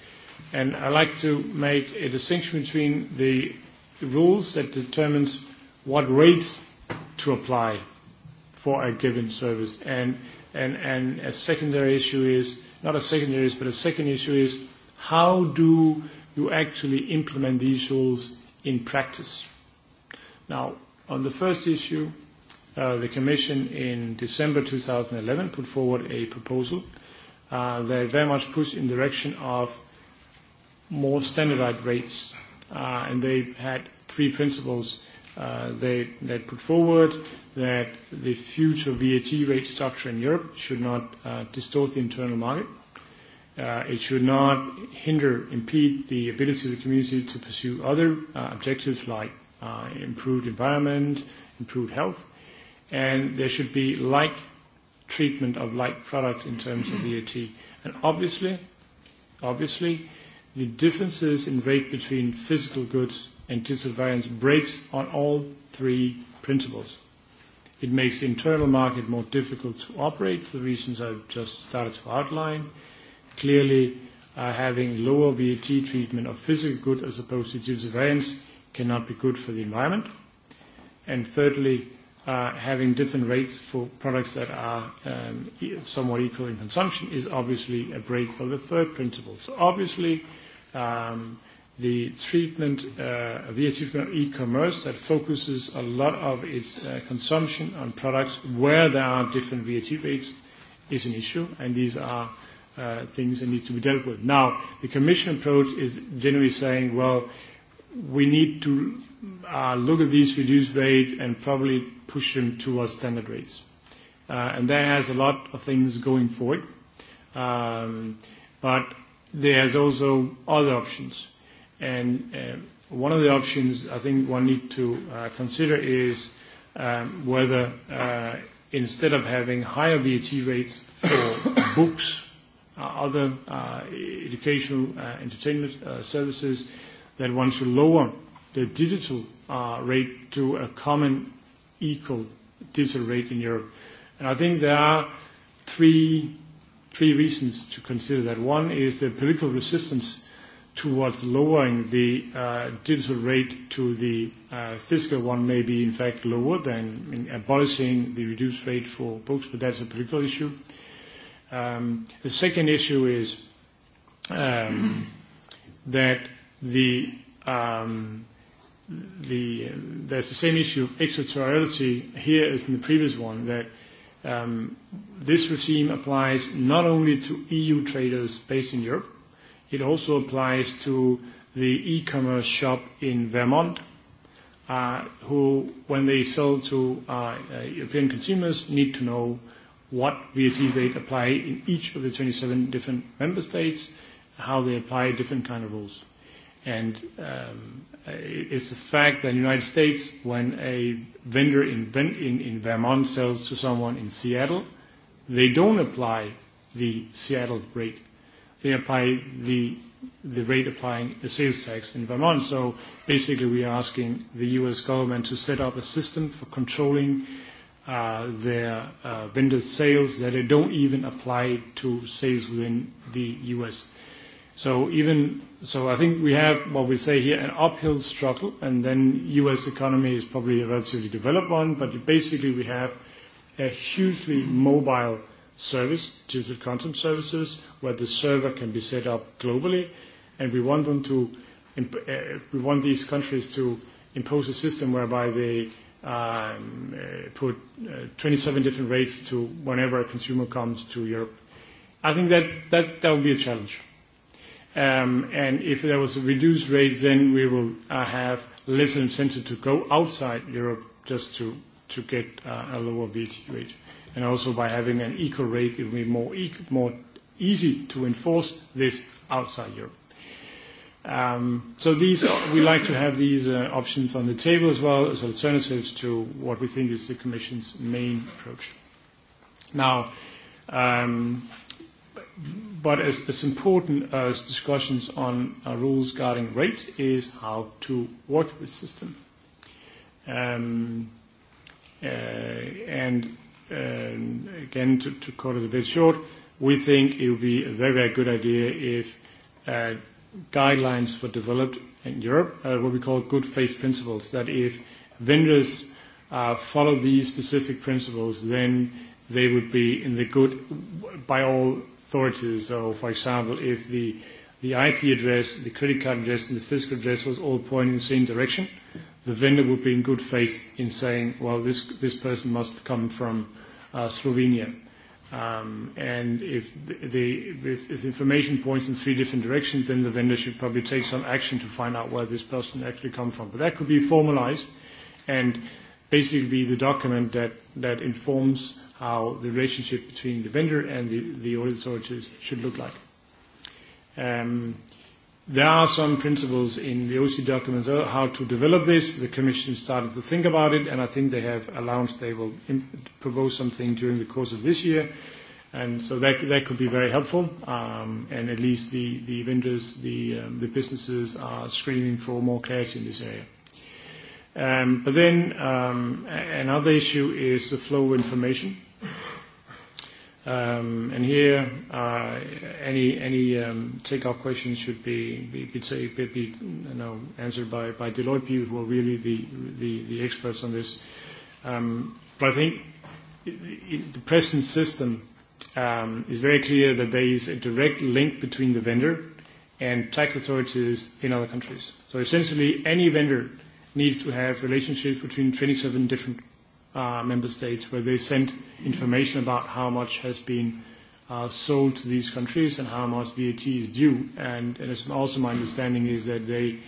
And I like to make a distinction between the rules that determines what rates to apply for a given service. And a secondary issue is not a secondary issue, but a second issue is how do you actually implement these rules in practice? Now, on the first issue, the Commission in December 2011 put forward a proposal They very much pushed in the direction of more standardized rates, and they had three principles they put forward that the future VAT rate structure in Europe should not distort the internal market. It should not hinder, impede the ability of the community to pursue other objectives like improved environment, improved health, and there should be like treatment of like product in terms of VAT. And obviously, obviously, the differences in rate between physical goods and digital variance breaks on all three principles. It makes the internal market more difficult to operate for the reasons I've just started to outline. Clearly, having lower VAT treatment of physical goods as opposed to digital variance cannot be good for the environment. And thirdly, having different rates for products that are somewhat equal in consumption is obviously a break for the third principle. So obviously, the treatment, the e-commerce that focuses a lot of its consumption on products where there are different VAT rates is an issue, and these are things that need to be dealt with. Now, the Commission approach is generally saying, well, we need to look at these reduced rates and probably push them towards standard rates. And that has a lot of things going for it. But there's also other options And one of the options I think one need to consider is whether instead of having higher VAT rates for books, other educational entertainment services, that one should lower the digital rate to a common equal digital rate in Europe. And I think there are three three reasons to consider that. One is the political resistance towards lowering the digital rate to the fiscal one may be in fact lower than abolishing the reduced rate for books, but that's a particular issue. The second issue is that the the there's the same issue of extraterritoriality here as in the previous one that this regime applies not only to EU traders based in Europe It also applies to the e-commerce shop in Vermont, who, when they sell to European consumers, need to know what VAT they apply in each of the 27 different member states, how they apply different kind of rules. And it's the fact that in the United States, when a vendor in Vermont sells to someone in Seattle, they don't apply the Seattle rate they apply the rate applying a sales tax in Vermont. So basically we are asking the US government to set up a system for controlling their vendor sales that they don't even apply to sales within the US. So even so I think we have what we say here an uphill struggle and then US economy is probably a relatively developed one, but basically we have a hugely mobile service, digital content services, where the server can be set up globally, and we want them to, we want these countries to impose a system whereby they put 27 different rates to whenever a consumer comes to Europe. I think that that that would be a challenge. And if there was a reduced rate, then we will have less incentive to go outside Europe just to to get a lower VAT rate and also by having an equal rate, it will be more more easy to enforce this outside Europe. So these we like to have these options on the table as well as alternatives to what we think is the Commission's main approach. Now, but as important as discussions on rules guarding rates is how to work this system. And again, to cut it a bit short, we think it would be a very, very good idea if guidelines were developed in Europe, what we call good faith principles, that if vendors follow these specific principles, then they would be in the good by all authorities. So, for example, if the the IP address, the credit card address, and the physical address was all pointing in the same direction, the vendor would be in good faith in saying, well, this this person must come from Slovenia. And if the if information points in three different directions, then the vendor should probably take some action to find out where this person actually comes from. But that could be formalized and basically be the document that that informs how the relationship between the vendor and the audit authorities should look like. There are some principles in the OC documents on how to develop this. The Commission started to think about it, and I think they have announced they will propose something during the course of this year. And so that that could be very helpful. And at least the the vendors, the the businesses are screaming for more cash in this area. But then another issue is the flow of information. And here, any any take-up questions should be be answered by by Deloitte people who are really the the the experts on this. But I think the present system is very clear that there is a direct link between the vendor and tax authorities in other countries. So essentially, any vendor needs to have relationships between 27 different member states where they send information about how much has been sold to these countries and how much VAT is due. And it's also my understanding is that they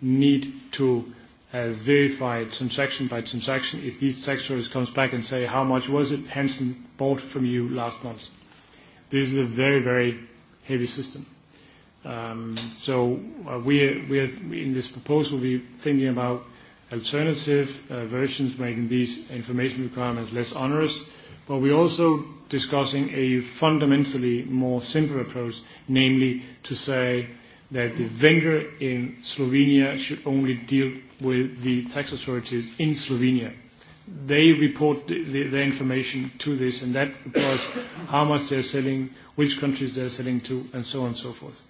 need to verify transaction by transaction if these tax authorities comes back and say how much was it Hansen bought from you last month. This is a very, very heavy system. So we we in this proposal, we're thinking about alternative versions, making these information requirements less onerous, but we're also discussing a fundamentally more simple approach, namely to say that the vendor in Slovenia should only deal with the tax authorities in Slovenia. They report their information to this, and that requires how much they're selling, which countries they're selling to, and so on and so forth.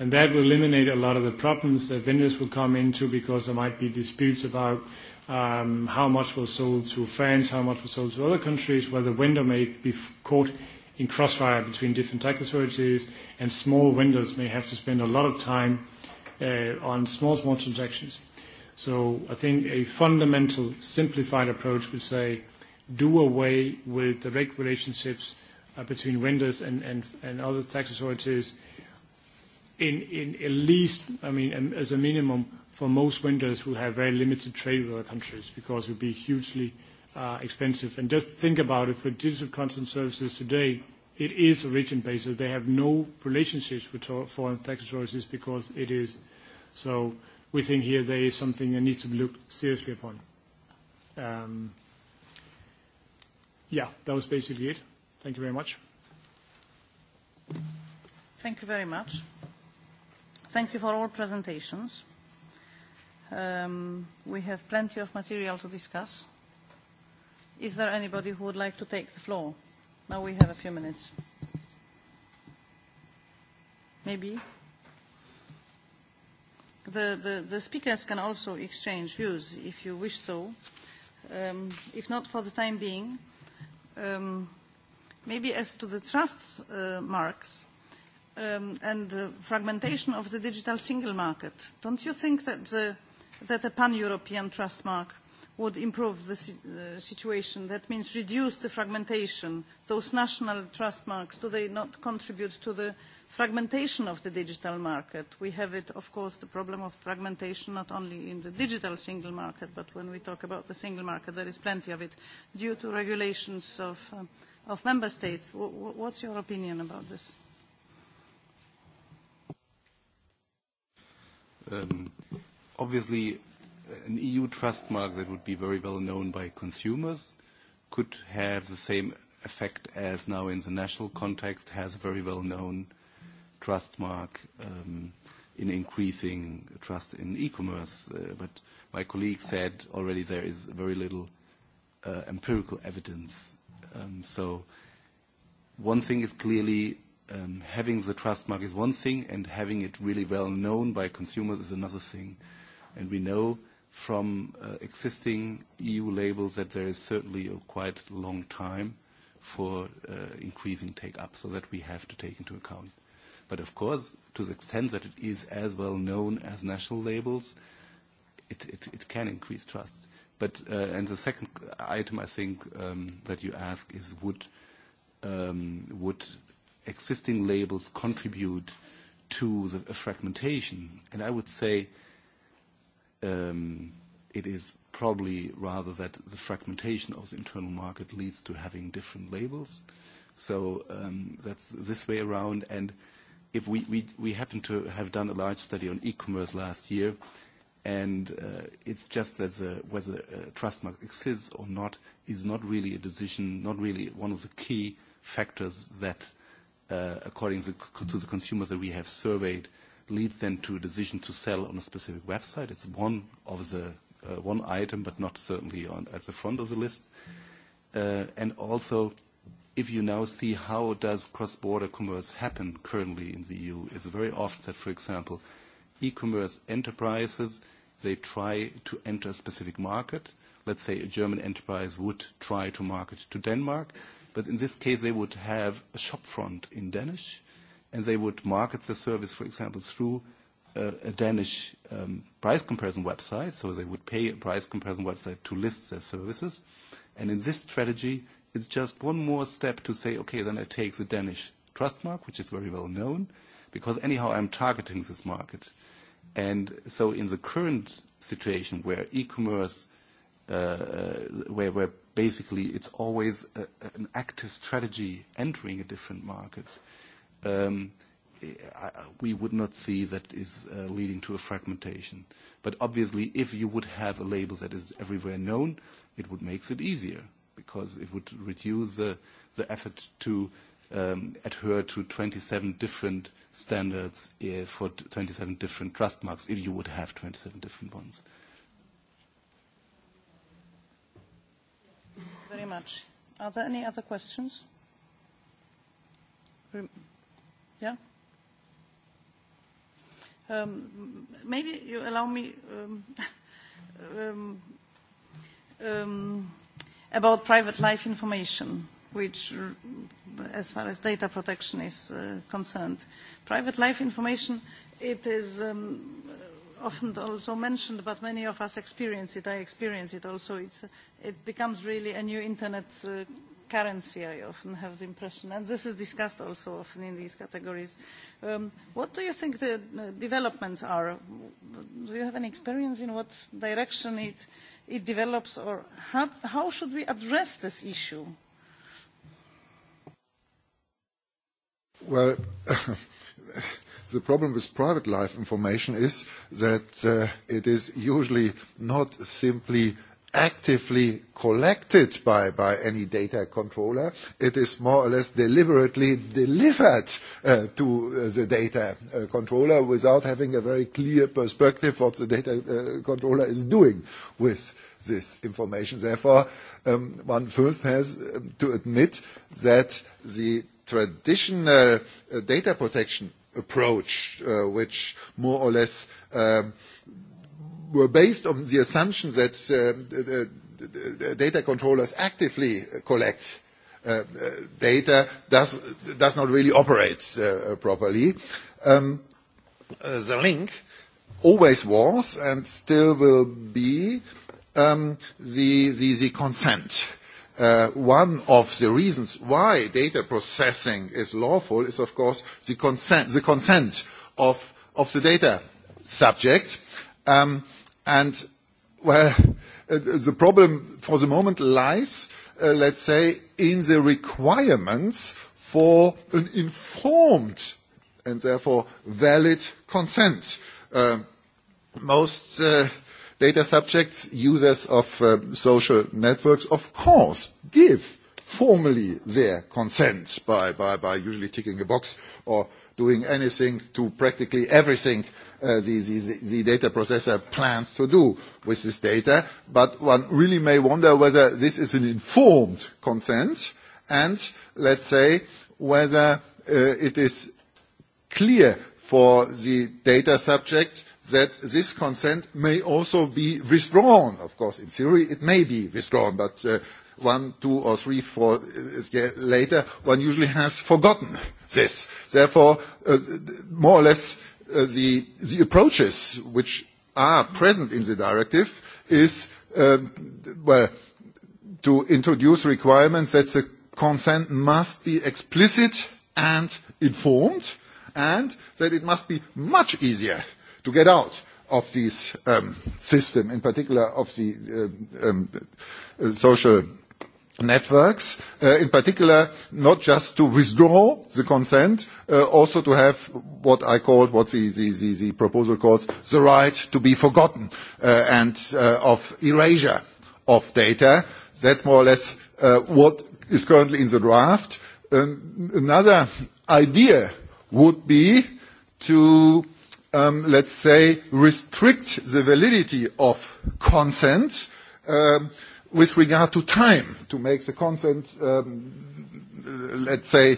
And that will eliminate a lot of the problems that vendors will come into because there might be disputes about how much was sold to France, how much was sold to other countries, whether the vendor may be caught in crossfire between different tax authorities, and small vendors may have to spend a lot of time on small, small transactions. So I think a fundamental, simplified approach would say do away with direct relationships between vendors and other tax authorities in at least, I mean, as a minimum, for most vendors who have very limited trade with other countries because it would be hugely expensive. And just think about it, for digital content services today, it is region based they have no relationships with foreign tax authorities because it is. So we think here there is something that needs to be looked seriously upon. Yeah, that was basically it. Thank you very much. Thank you very much. Thank you for all presentations. We have plenty of material to discuss. Is there anybody who would like to take the floor? Now we have a few minutes. Maybe. The speakers can also exchange views if you wish so. If not for the time being, maybe as to the trust marks and the fragmentation of the digital single market. Don't you think that a pan-European trust mark would improve the situation? That means reduce the fragmentation. Those national trust marks, do they not contribute to the fragmentation of the digital market? We have it, of course, the problem of fragmentation not only in the digital single market, but when we talk about the single market, there is plenty of it due to regulations of member states. What's your opinion about this? Obviously, an EU trust mark that would be very well known by consumers could have the same effect as now in the national context has a very well known trust mark in increasing trust in e-commerce. But my colleague said already there is very little empirical evidence. So one thing is clearly having the trust mark is one thing and having it really well known by consumers is another thing. And we know from existing EU labels that there is certainly a quite long time for increasing take-up, so that we have to take into account. But of course, to the extent that it is as well known as national labels, it can increase trust. But and the second item I think that you ask is would would existing labels contribute to the fragmentation. And I would say it is probably rather that the fragmentation of the internal market leads to having different labels. So that's this way around. And if we, we, we happen to have done a large study on e-commerce last year, and it's just that whether a trust mark exists or not is not really a decision, not really one of the key factors that according to the consumers that we have surveyed, leads them to a decision to sell on a specific website. It's one of the one item, but not certainly at the front of the list. And also, if you now see how does cross-border commerce happen currently in the EU, it's very often that, for example, e-commerce enterprises, they try to enter a specific market. Let's say a German enterprise would try to market to Denmark. But in this case, they would have a shop front in Danish, and they would market the service, for example, through a Danish price comparison website. So they would pay a price comparison website to list their services. And in this strategy, it's just one more step to say, okay, then I take the Danish trust mark, which is very well known, because anyhow I'm targeting this market. And so in the current situation where e-commerce, where basically it's always an active strategy entering a different market, we would not see that is leading to a fragmentation. But obviously, if you would have a label that is everywhere known, it would make it easier because it would reduce the effort to adhere to 27 different standards for 27 different trust marks if you would have 27 different ones. very much. Are there any other questions? Yeah? Maybe you allow me about private life information, which, as far as data protection is concerned. Private life information, it is often also mentioned, but many of us experience it. I experience it also. It's, it becomes really a new internet currency, I often have the impression. And this is discussed also often in these categories. What do you think the developments are? Do you have any experience in what direction it, it develops, or how, how should we address this issue? Well, The problem with private life information is that it is usually not simply actively collected by by any data controller it is more or less deliberately delivered to the data controller without having a very clear perspective what the data controller is doing with this information therefore one first has to admit that the traditional data protection approach, which more or less were based on the assumption that data controllers actively collect data, does not really operate properly. The link always was and still will be the consent One of the reasons why data processing is lawful is, of course, the consent of the data subject. And, well, the problem for the moment lies, let's say, in the requirements for an informed and therefore valid consent. Most data subjects, users of social networks, of course, give formally their consent by, usually ticking a box or doing anything to practically everything the, data processor plans to do with this data. But one really may wonder whether this is an informed consent and, let's say, whether it is clear for the data subject that this consent may also be withdrawn. Of course, in theory, it may be withdrawn, but one, two, or three, four years later, one usually has forgotten this. Therefore, more or less, the approaches which are present in the directive is, well, to introduce requirements that the consent must be explicit and informed, and that it must be much easier to get out of this system, in particular of the social networks, in particular not just to withdraw the consent, also to have what I call, what the proposal calls, the right to be forgotten and of erasure of data. That's more or less what is currently in the draft. Another idea would be to let's say, restrict the validity of consent with regard to time, to make the consent, let's say,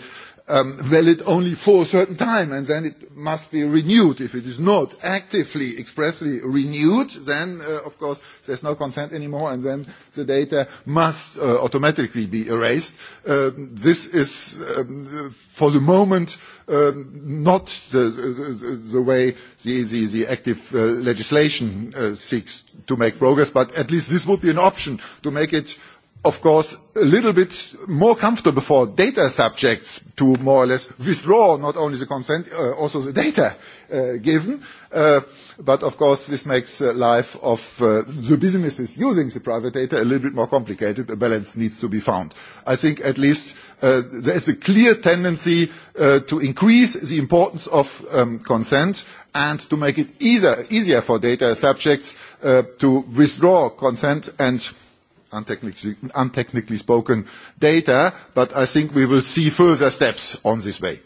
valid only for a certain time and then it must be renewed. If it is not actively, expressly renewed, then of course there is no consent anymore and then the data must automatically be erased. This is for the moment not the way the active legislation seeks to make progress, but at least this would be an option to make it of course, a little bit more comfortable for data subjects to more or less withdraw not only the consent, also the data given. But of course, this makes life of the businesses using the private data a little bit more complicated. A balance needs to be found. I think at least there is a clear tendency to increase the importance of consent and to make it easier for data subjects to withdraw consent and untechnically spoken, data, but I think we will see further steps on this way.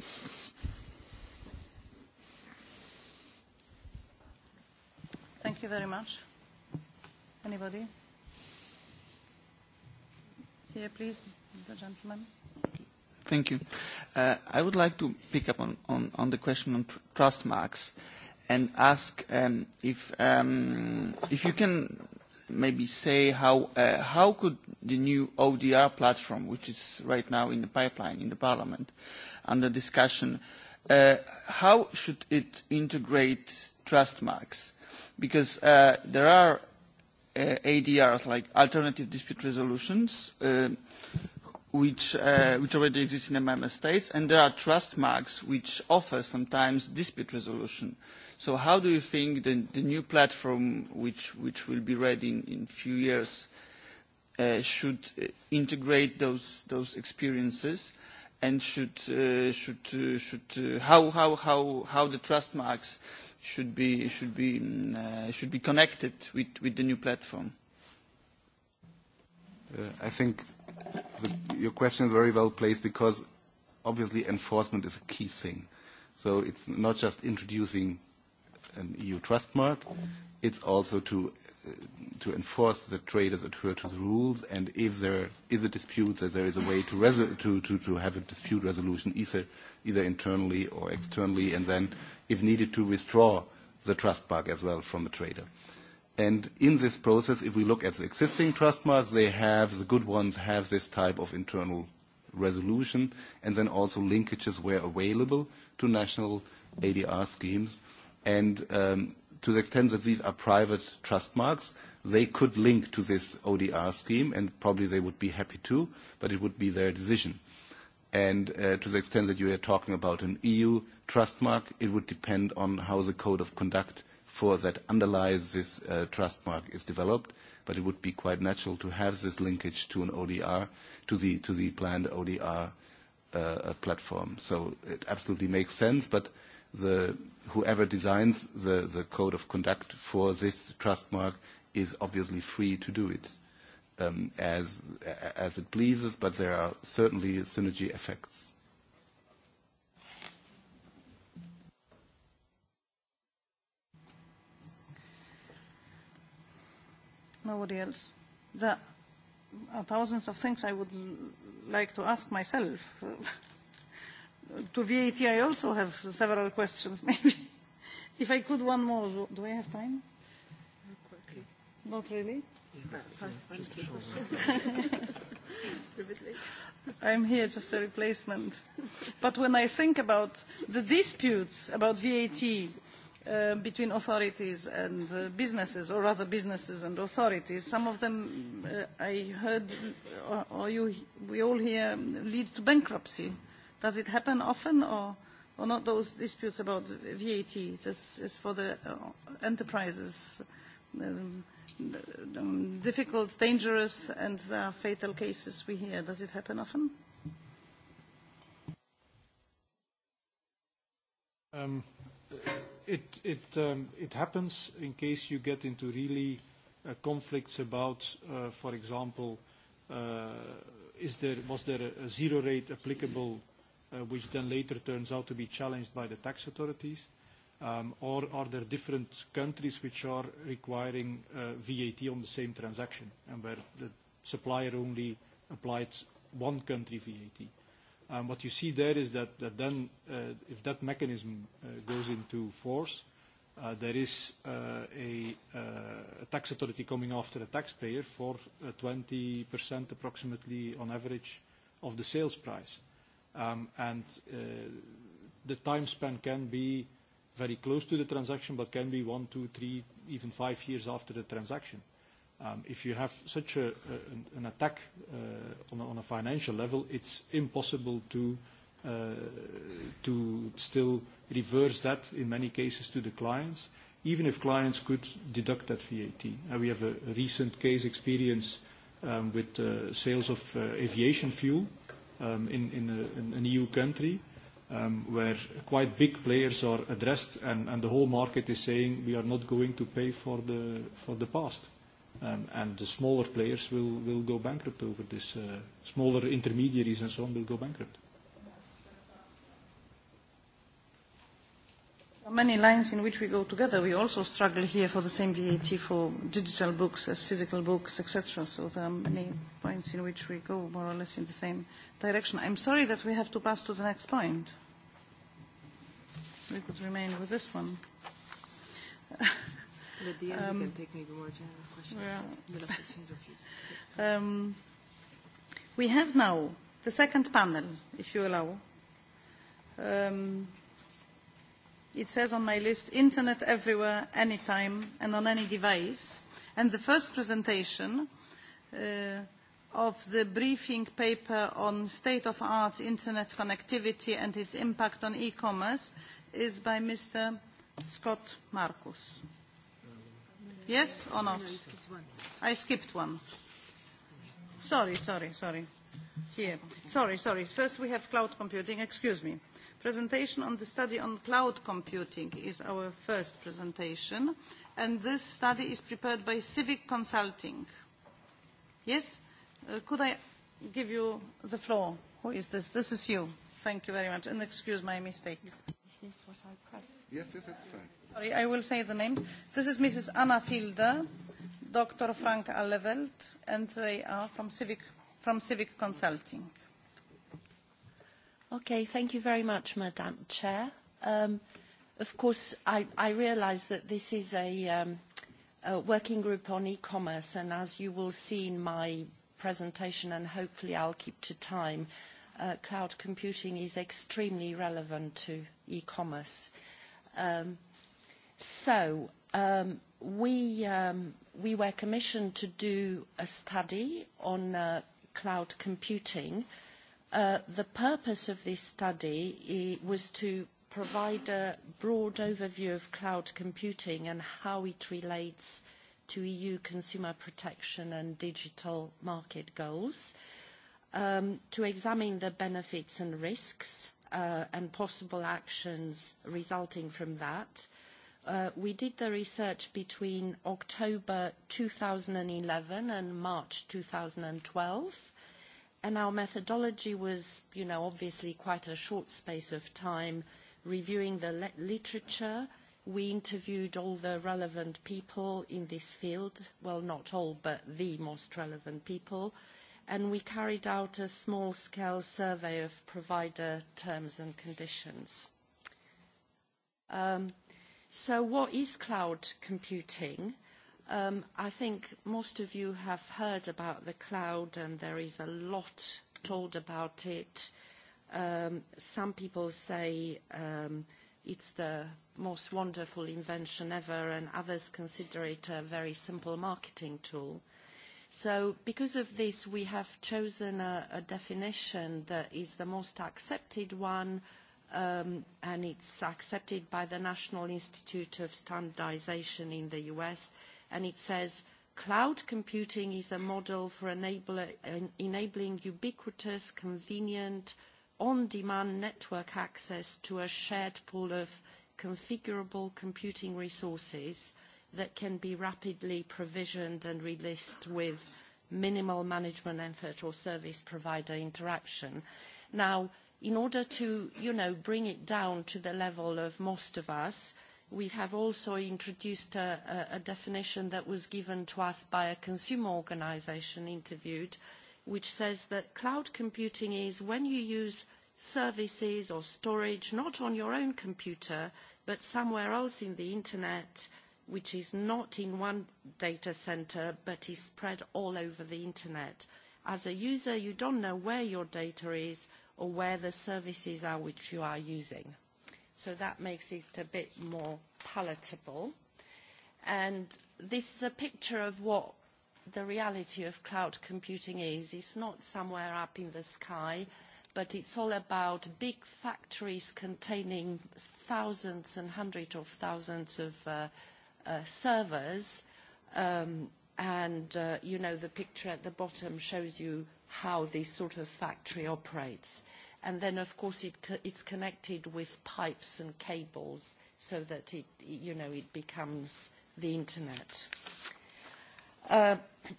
Thank you very much. Anybody? Here, please, the gentleman. Thank you. I would like to pick up on the question on trust marks and ask if you can maybe say how how could the new ODR platform, which is right now in the pipeline in the Parliament, under discussion, how should it integrate trust marks? Because there are ADRs like alternative dispute resolutions, which which already exist in the member states, and there are trust marks which offer sometimes dispute resolution. So how do you think the new platform, which will be ready in a few years, should integrate those experiences and how the trust marks should be connected with the new platform? I think your question is very well placed because obviously enforcement is a key thing. So it's not just introducing an EU trust mark. It's also to to enforce that traders adhere to the rules, and if there is a dispute, that there is a way to to to have a dispute resolution, either either internally or externally, and then, if needed, to withdraw the trust mark as well from the trader. And in this process, if we look at the existing trust marks, they have the good ones have this type of internal resolution, and then also linkages where available to national ADR schemes and to the extent that these are private trust marks, they could link to this ODR scheme, and probably they would be happy to, but it would be their decision. And to the extent that you are talking about an EU trust mark, it would depend on how the code of conduct for that underlies this trust mark is developed, but it would be quite natural to have this linkage to an ODR, to the to the planned ODR platform. So it absolutely makes sense, but the whoever designs the the code of conduct for this trust mark is obviously free to do it as as it pleases, but there are certainly synergy effects. Nobody else. There are thousands of things I would like to ask myself to VAT, I also have several questions, maybe. If I could, one more. Do I have time? Not really? I'm here just a replacement. But when I think about the disputes about VAT between authorities and businesses, or rather businesses and authorities, some of them I heard, or you, we all hear, lead to bankruptcy Does it happen often or or not those disputes about VAT? This is for the enterprises difficult, dangerous and there fatal cases we hear. Does it happen often? It it it happens in case you get into really conflicts about, for example, is there was there a zero rate applicable which then later turns out to be challenged by the tax authorities? Or are there different countries which are requiring VAT on the same transaction and where the supplier only applied one country VAT? What you see there is that then if that mechanism goes into force, there is a tax authority coming after a taxpayer for 20% approximately on average of the sales price and the time span can be very close to the transaction, but can be one, two, three, even five years after the transaction. If you have such an attack on a financial level, it's impossible to still reverse that in many cases to the clients, even if clients could deduct that VAT. We have a recent case experience with sales of aviation fuel in an EU country where quite big players are addressed and the whole market is saying we are not going to pay for the for the past. And the smaller players will go bankrupt over this. Smaller intermediaries and so on will go bankrupt. Many lines in which we go together. We also struggle here for the same VAT for digital books as physical books, etc. So there are many points in which we go more or less in the same direction. I'm sorry that we have to pass to the next point. We could remain with this one. We have now the second panel, if you allow. It says on my list, Internet everywhere, anytime, and on any device. And the first presentation of the briefing paper on state of art internet connectivity and its impact on e-commerce is by Mr. Scott Marcus. Yes or not? I skipped one. Sorry, sorry, sorry. Here. Sorry, sorry. First we have cloud computing. Excuse me. Presentation on the study on cloud computing is our first presentation, and this study is prepared by Civic Consulting. Yes? Could I give you the floor? Who is this? This is you. Thank you very much. And excuse my mistake. This is what I press. Yes, yes, it's fine. Sorry, I will say the names. This is Mrs. Anna Fielder, Dr. Frank Alleveld, and they are from Civic, from Civic Consulting. Okay, thank you very much, Madam Chair. Um, of course, I, I realize that this is a working group on e-commerce, and as you will see in my presentation, and hopefully I'll keep to time, cloud computing is extremely relevant to e-commerce. So we were commissioned to do a study on cloud computing. The purpose of this study was to provide a broad overview of cloud computing and how it relates to EU consumer protection and digital market goals, to examine the benefits and risks and possible actions resulting from that. We did the research between October 2011 and March 2012, and our methodology was, you know, obviously quite a short space of time, reviewing the literature We interviewed all the relevant people in this field, well, not all, but the most relevant people, and we carried out a small-scale survey of provider terms and conditions. So what is cloud computing? I think most of you have heard about the cloud, and there is a lot told about it. Some people say it's the most wonderful invention ever and others consider it a very simple marketing tool. So because of this, we have chosen a definition that is the most accepted one and it's accepted by the National Institute of Standardization in the US and it says cloud computing is a model for enabling ubiquitous, convenient, on-demand network access to a shared pool of configurable computing resources that can be rapidly provisioned and released with minimal management effort or service provider interaction. Now, in order to, you know, bring it down to the level of most of us, we have also introduced a definition that was given to us by a consumer organisation interviewed which says that cloud computing is when you use services or storage not on your own computer but somewhere else in the internet which is not in one data center but is spread all over the internet. As a user, you don't know where your data is or where the services are which you are using. So that makes it a bit more palatable. And this is a picture of what the reality of cloud computing is it's not somewhere up in the sky, but it's all about big factories containing thousands and hundreds of thousands of servers. And, you know, the picture at the bottom shows you how this sort of factory operates. And then, of course, it's connected with pipes and cables so that it, you know, it becomes the Internet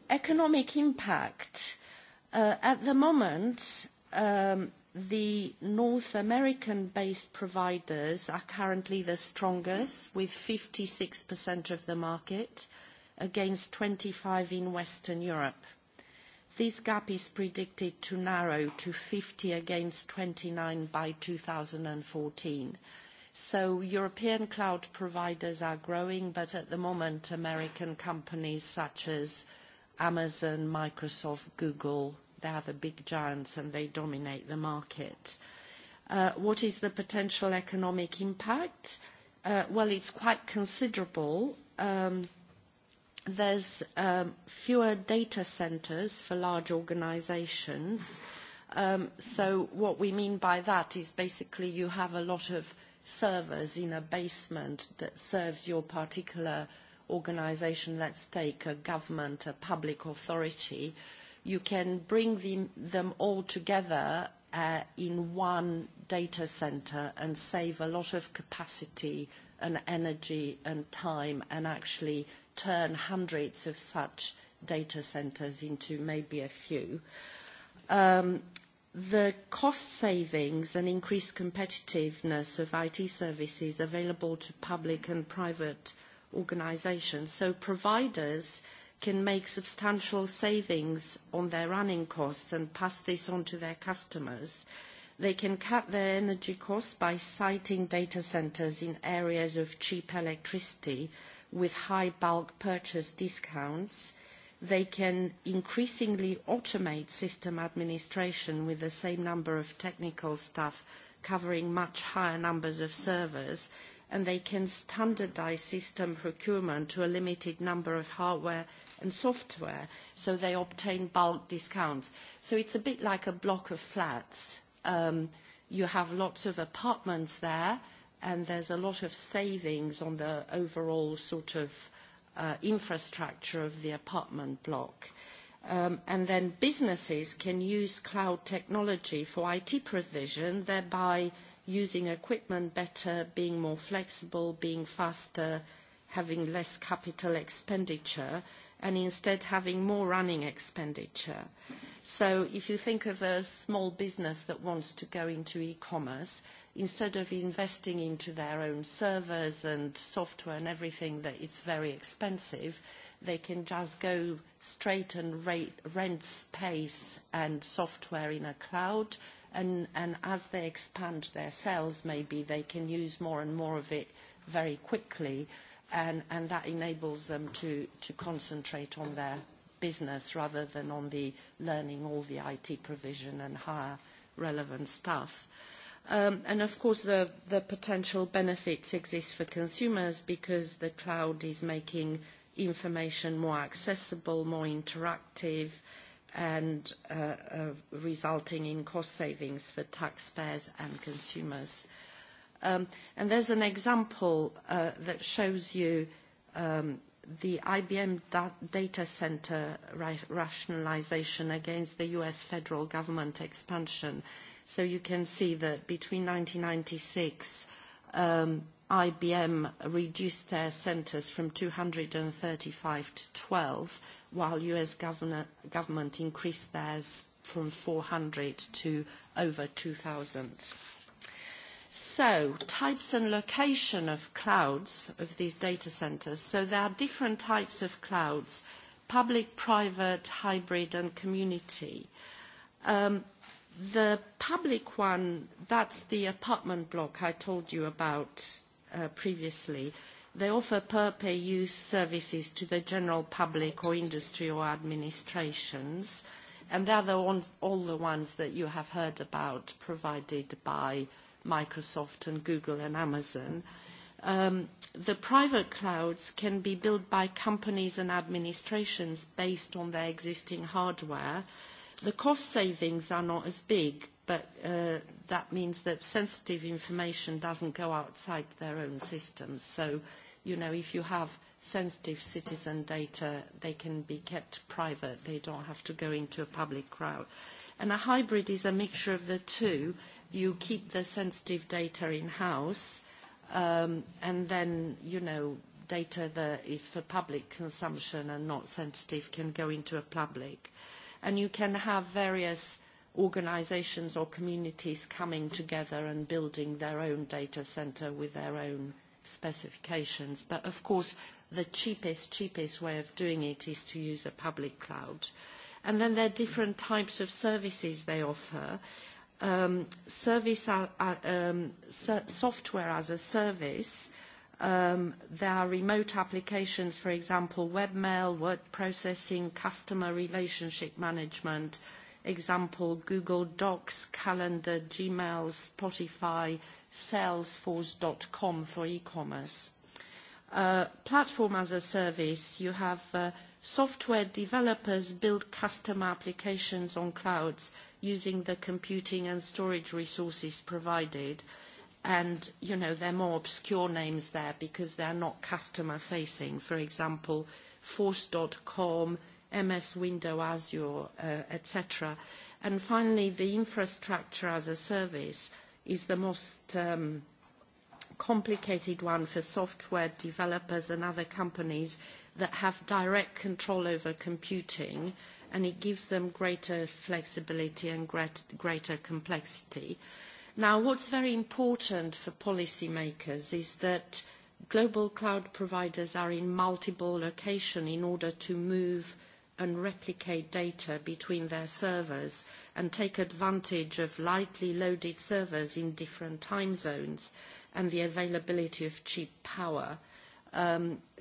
economic impact, at the moment, the North American-based providers are currently the strongest, with 56% of the market, against 25 in Western Europe. This gap is predicted to narrow to 50 against 29 by 2014. So European cloud providers are growing, but at the moment, American companies such as Amazon, Microsoft, Google, they are the big giants and they dominate the market. What is the potential economic impact? Well, it's quite considerable. There's fewer data centers for large organizations. So what we mean by that is basically you have a lot of servers in a basement that serves your particular organization, let's take a government, a public authority, you can bring them all together in one data center and save a lot of capacity and energy and time and actually turn hundreds of such data centers into maybe a few the cost savings and increased competitiveness of IT services available to public and private organisations. So providers can make substantial savings on their running costs and pass this on to their customers. They can cut their energy costs by siting data centres in areas of cheap electricity with high bulk purchase discounts they can increasingly automate system administration with the same number of technical staff covering much higher numbers of servers, and they can standardize system procurement to a limited number of hardware and software, so they obtain bulk discounts. So it's a bit like a block of flats. You have lots of apartments there, and there's a lot of savings on the overall sort of infrastructure of the apartment block. And then businesses can use cloud technology for IT provision, thereby using equipment better, being more flexible, being faster, having less capital expenditure, and instead having more running expenditure. So if you think of a small business that wants to go into e-commerce, instead of investing into their own servers and software and everything that is very expensive, they can just go straight and rent space and software in a cloud. And as they expand their sales, maybe they can use more and more of it very quickly. And that enables them to concentrate on their business rather than on the learning all the IT provision and higher relevant stuff. And of course, the potential benefits exist for consumers because the cloud is making information more accessible, more interactive, and resulting in cost savings for taxpayers and consumers. And there's an example that shows you the IBM data center rationalization against the U.S. federal government expansion. So you can see that between 1996, IBM reduced their centers from 235 to 12, while U.S. government increased theirs from 400 to over 2,000. So types and location of clouds of these data centers. So there are different types of clouds, public, private, hybrid, and community. The public one, that's the apartment block I told you about previously. They offer per-pay-use services to the general public or industry or administrations, and they are all the ones that you have heard about provided by Microsoft and Google and Amazon. The private clouds can be built by companies and administrations based on their existing hardware, The cost savings are not as big, but that means that sensitive information doesn't go outside their own systems. So, you know, if you have sensitive citizen data, they can be kept private. They don't have to go into a public crowd. And a hybrid is a mixture of the two. You keep the sensitive data in-house, and then, you know, data that is for public consumption and not sensitive can go into a public and you can have various organisations or communities coming together and building their own data centre with their own specifications. But of course, the cheapest, cheapest way of doing it is to use a public cloud. And then there are different types of services they offer. Software as a service There are remote applications, for example, webmail, word processing, customer relationship management, example, Google Docs, Calendar, Gmail, Spotify, Salesforce.com for e-commerce. Platform as a service, you have software developers build custom applications on clouds using the computing and storage resources provided and you know there are more obscure names there because they are not customer facing for example force.com ms window azure etc and finally the infrastructure as a service is the most complicated one for software developers and other companies that have direct control over computing and it gives them greater flexibility and greater complexity Now, what's very important for policymakers is that global cloud providers are in multiple locations in order to move and replicate data between their servers and take advantage of lightly loaded servers in different time zones and the availability of cheap power.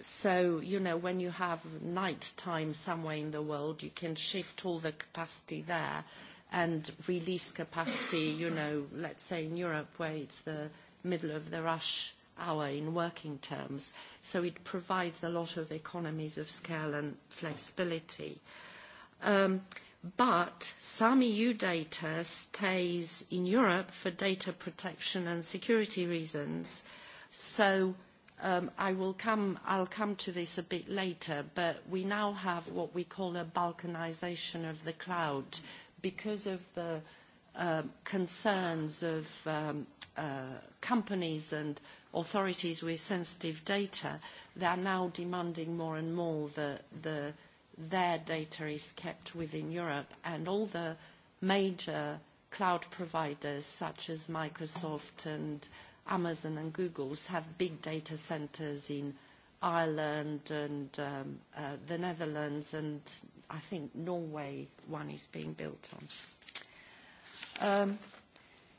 So, you know, when you have night time somewhere in the world, you can shift all the capacity there and release capacity, you know, let's say in Europe where it's the middle of the rush hour in working terms. So it provides a lot of economies of scale and flexibility. But some EU data stays in Europe for data protection and security reasons. So I will come, I'll come to this a bit later, but we now have what we call a balkanization of the cloud because of the concerns of companies and authorities with sensitive data, they are now demanding more and more that their data is kept within Europe. And all the major cloud providers, such as Microsoft and Amazon and Google, have big data centers in Ireland and the Netherlands and I think Norway one is being built on.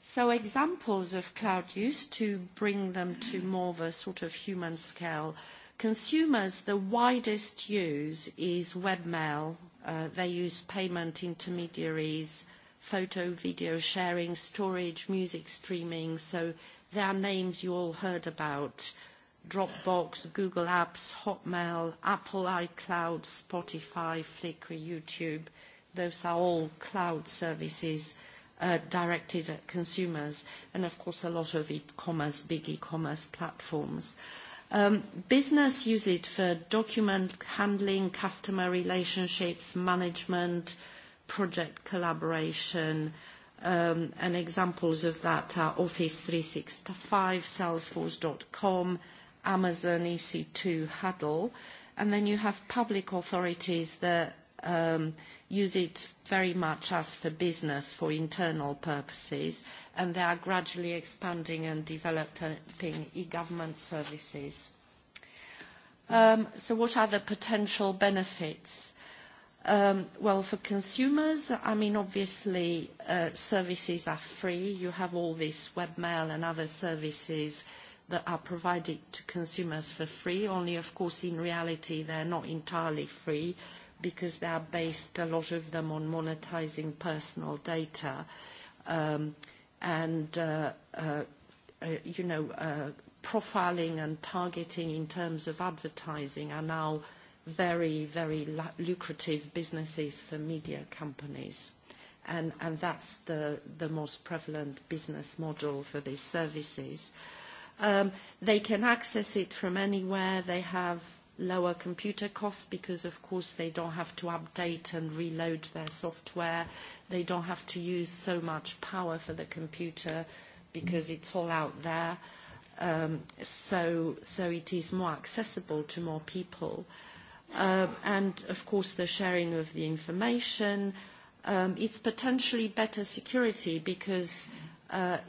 So examples of cloud use, to bring them to more of a sort of human scale. Consumers, the widest use is webmail. They use payment intermediaries, photo, video sharing, storage, music streaming. So there are names you all heard about Dropbox, Google Apps, Hotmail, Apple iCloud, Spotify, Flickr, YouTube. Those are all cloud services directed at consumers and, of course, a lot of e-commerce, big e-commerce platforms. Business use it for document handling, customer relationships, management, project collaboration. And examples of that are Office 365, Salesforce.com, Amazon EC2 Huddle, and then you have public authorities that use it very much as for business, for internal purposes, and they are gradually expanding and developing e-government services. So what are the potential benefits? Well, for consumers, I mean, obviously, services are free. You have all this webmail and other services that are provided to consumers for free, only of course in reality they are not entirely free because they are based, a lot of them, on monetizing personal data. And, you know, profiling and targeting in terms of advertising are now very, very lucrative businesses for media companies. And that's the most prevalent business model for these services. They can access it from anywhere. They have lower computer costs because, of course, they don't have to update and reload their software. They don't have to use so much power for the computer because it's all out there. So it is more accessible to more people. And, of course, the sharing of the information. It's potentially better security because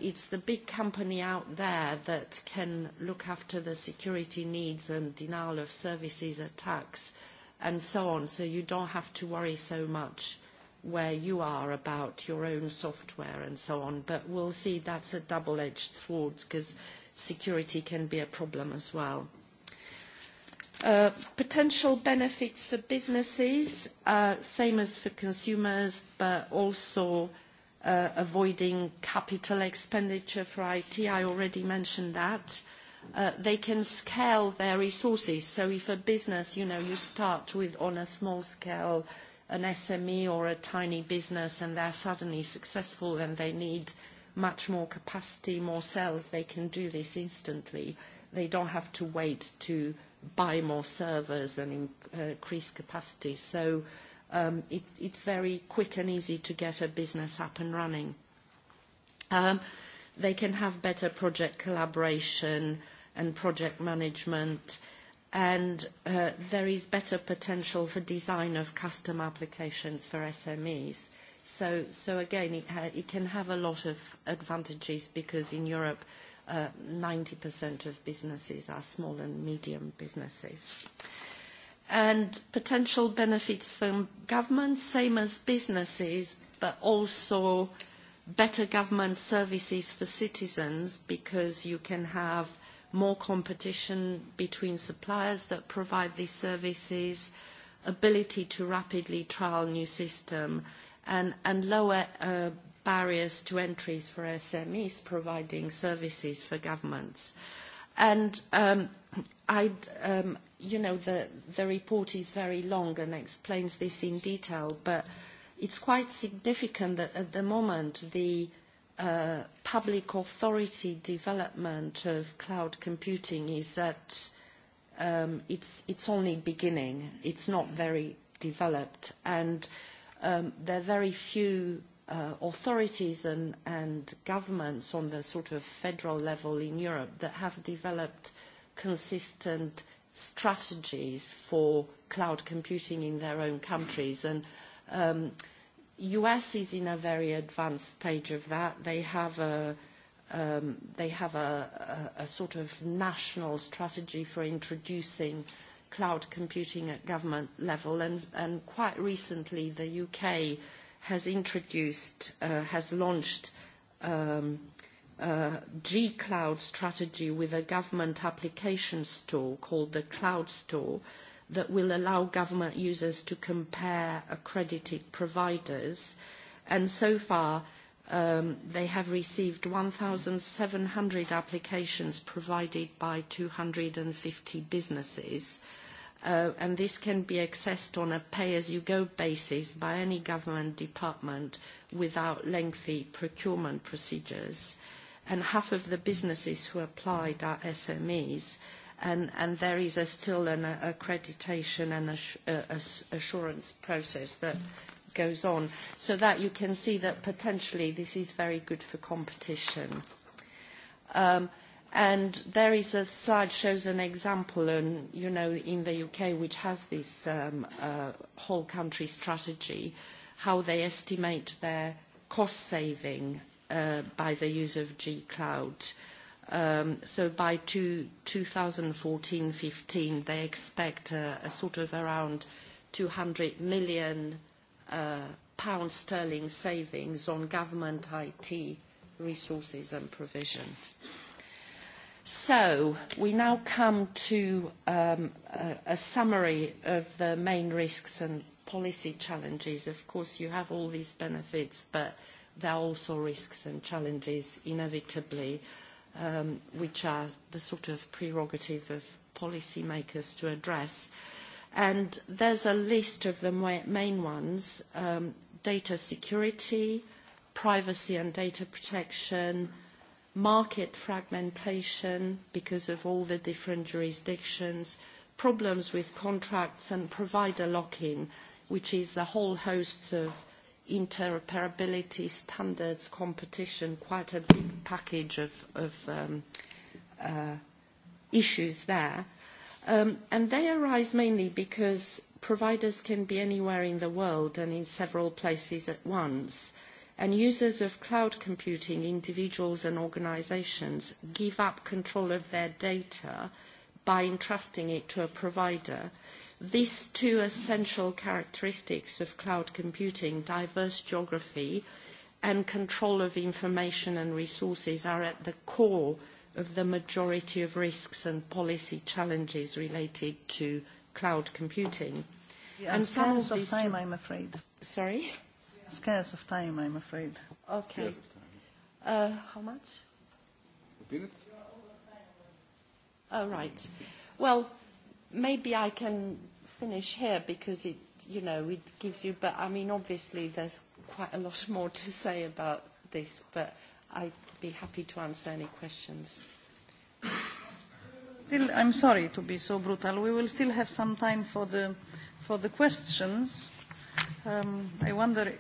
it's the big company out there that can look after the security needs and denial of services attacks and so on, so you don't have to worry so much where you are about your own software and so on. But we'll see that's a double-edged sword because security can be a problem as well. Potential benefits for businesses, same as for consumers, but also avoiding capital expenditure for IT. I already mentioned that. They can scale their resources. So if a business, you know, you start with on a small scale, an SME or a tiny business, and they're suddenly successful and they need much more capacity, more sales, they can do this instantly. They don't have to wait to buy more servers and increase capacity. So it It's very quick and easy to get a business up and running. They can have better project collaboration and project management, and there is better potential for design of custom applications for SMEs. So again, it can have a lot of advantages because in Europe, 90% of businesses are small and medium businesses and potential benefits from governments, same as businesses, but also better government services for citizens because you can have more competition between suppliers that provide these services, ability to rapidly trial new system, and lower barriers to entries for SMEs providing services for governments. And I'd you know, the, the report is very long and explains this in detail, but it's quite significant that at the moment the public authority development of cloud computing is that it's, it's only beginning. It's not very developed. And there are very few authorities and, and governments on the sort of federal level in Europe that have developed consistent strategies for cloud computing in their own countries. And US is in a very advanced stage of that. They have a they have a sort of national strategy for introducing cloud computing at government level. And quite recently, the UK has introduced, has launched G Cloud strategy with a government application store called the Cloud Store that will allow government users to compare accredited providers. And so far, they have received 1,700 applications provided by 250 businesses. And this can be accessed on a pay-as-you-go basis by any government department without lengthy procurement procedures and half of the businesses who applied are SMEs, and there is still an accreditation and assurance process that goes on, so that you can see that potentially this is very good for competition. And there is a slide shows an example, you know, in the UK, which has this whole country strategy, how they estimate their cost saving by the use of G-Cloud. So by 2014-15, they expect a sort of around 200 million pounds sterling savings on government IT resources and provision. So we now come to a summary of the main risks and policy challenges. Of course, you have all these benefits, but there are also risks and challenges inevitably which are the sort of prerogative of policymakers to address. And there's a list of the main ones, data security, privacy and data protection, market fragmentation because of all the different jurisdictions, problems with contracts and provider lock-in, which is the whole host of interoperability standards, competition, quite a big package of issues there. And they arise mainly because providers can be anywhere in the world and in several places at once. And users of cloud computing, individuals and organizations, give up control of their data by entrusting it to a provider These two essential characteristics of cloud computing, diverse geography and control of information and resources, are at the core of the majority of risks and policy challenges related to cloud computing. And scarce of time, I'm afraid. Sorry? Scarce of time, I'm afraid. Okay. How much? minute? Oh, right. Well, Maybe I can finish here because it, you know, it gives you. But I mean, obviously, there's quite a lot more to say about this. But I'd be happy to answer any questions. Still, I'm sorry to be so brutal. We will still have some time for the for the questions. I wonder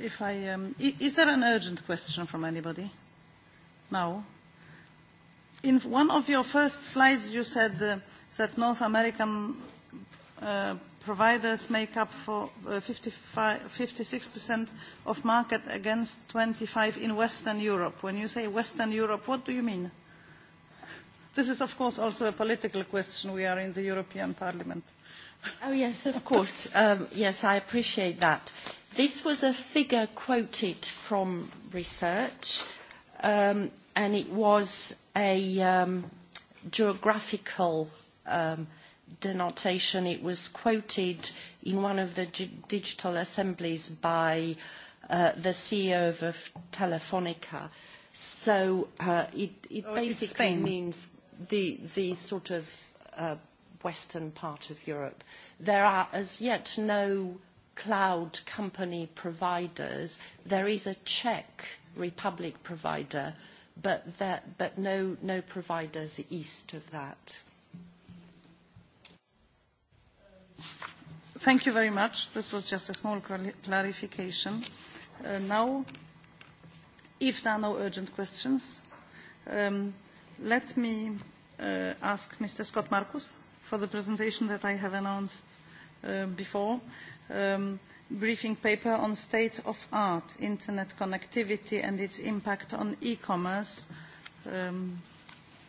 if I is there an urgent question from anybody? No. In one of your first slides, you said that North American providers make up for 56% of market against 25 in Western Europe. When you say Western Europe, what do you mean? This is, of course, also a political question. We are in the European Parliament. Oh, yes, of course. Yes, I appreciate that. This was a figure quoted from research, and it was a geographical denotation. It was quoted in one of the digital assemblies by the CEO of Telefonica. So it basically means the sort of western part of Europe. There are as yet no cloud company providers. There is a Czech Republic provider but that but no no providers east of that. Thank you very much. This was just a small clarification. Now, if there are no urgent questions, let me ask Mr. Scott Marcus for the presentation that I have announced before briefing paper on state of art, internet connectivity and its impact on e-commerce.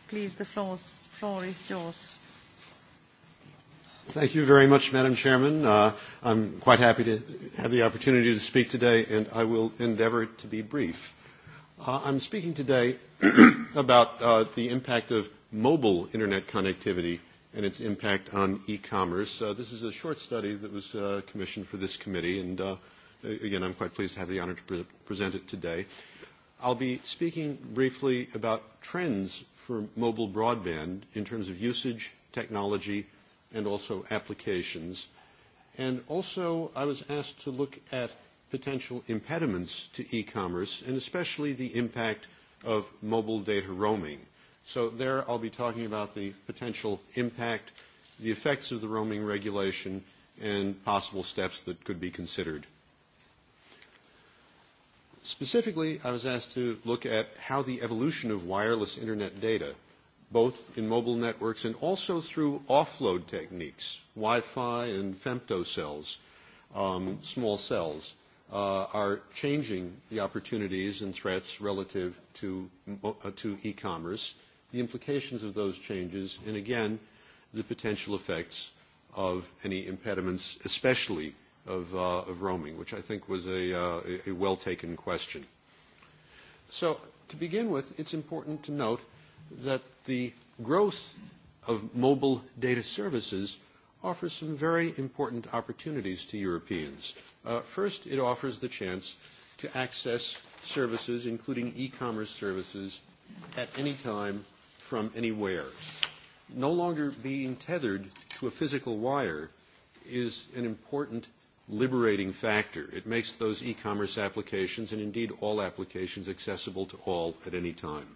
Please, the floor is yours. Thank you very much, Madam Chairman. I'm quite happy to have the opportunity to speak today, and I will endeavor to be brief. I'm speaking today about the impact of mobile internet connectivity and its impact on e-commerce. This is a short study that was commissioned for this committee, and again, I'm quite pleased to have the honor to present it today. I'll be speaking briefly about trends for mobile broadband in terms of usage, technology, and also applications. And also, I was asked to look at potential impediments to e-commerce, and especially the impact of mobile data roaming. So there I'll be talking about the potential impact, the effects of the roaming regulation, and possible steps that could be considered. Specifically, I was asked to look at how the evolution of wireless Internet data, both in mobile networks and also through offload techniques, Wi-Fi and femtocells, small cells, are changing the opportunities and threats relative to e-commerce the implications of those changes, and again, the potential effects of any impediments, especially of, roaming, which I think was a, a well-taken question. So to begin with, it's important to note that the growth of mobile data services offers some very important opportunities to Europeans. First, it offers the chance to access services, including e-commerce services, at any time from anywhere. No longer being tethered to a physical wire is an important liberating factor. It makes those e-commerce applications and indeed all applications accessible to all at any time.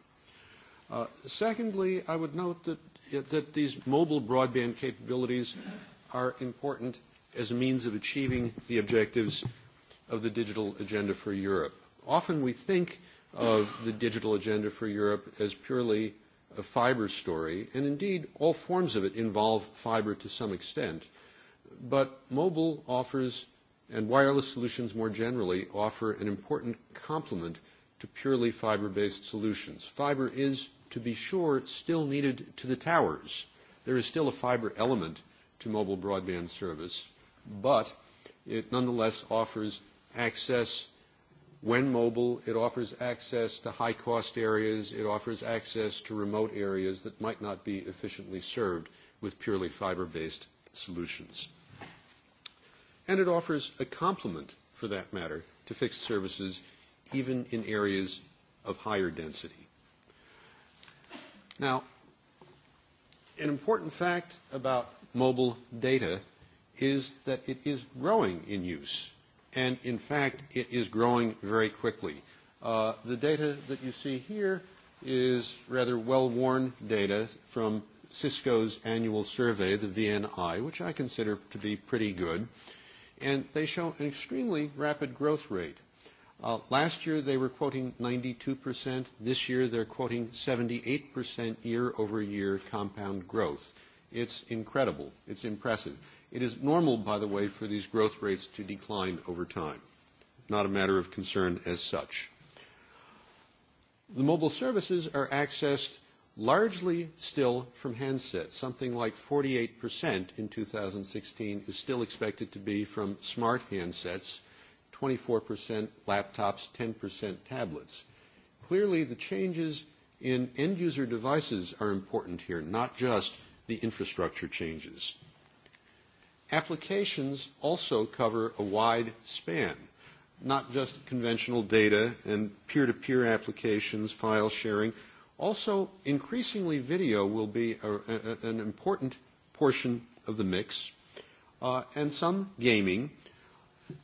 Secondly, I would note that these mobile broadband capabilities are important as a means of achieving the objectives of the digital agenda for Europe. Often we think of the digital agenda for Europe as purely A fiber story, and indeed all forms of it involve fiber to some extent, but mobile offers, and wireless solutions more generally, offer an important complement to purely fiber-based solutions. Fiber is, to be sure, still needed to the towers. There is still a fiber element to mobile broadband service, but it nonetheless offers access When mobile, it offers access to high-cost areas. It offers access to remote areas that might not be efficiently served with purely fiber-based solutions. And it offers a complement, for that matter, to fixed services, even in areas of higher density. Now, an important fact about mobile data is that it is growing in use and in fact it is growing very quickly. The data that you see here is rather well-worn data from Cisco's annual survey, the VNI, which I consider to be pretty good, and they show an extremely rapid growth rate. Last year they were quoting 92%. This year they're quoting 78% year-over-year compound growth. It's incredible. It's impressive. It is normal, by the way, for these growth rates to decline over time, not a matter of concern as such. The mobile services are accessed largely still from handsets. Something like 48% in 2016 is still expected to be from smart handsets, 24% laptops, 10% tablets. Clearly, the changes in end-user devices are important here, not just the infrastructure changes applications also cover a wide span, not just conventional data and peer-to-peer applications, file sharing. Also, increasingly, video will be an important portion of the mix, and some gaming.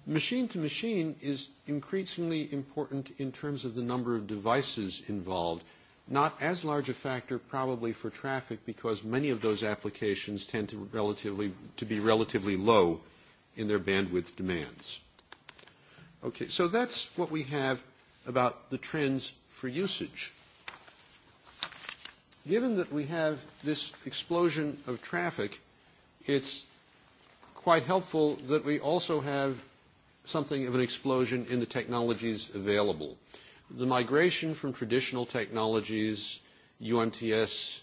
Machine-to-machine is increasingly important in terms of the number of devices involved Not as large a factor probably for traffic because many of those applications tend to relatively to be relatively low in their bandwidth demands. Okay, so that's what we have about the trends for usage. Given that we have this explosion of traffic, it's quite helpful that we also have something of an explosion in the technologies available the migration from traditional technologies, UMTS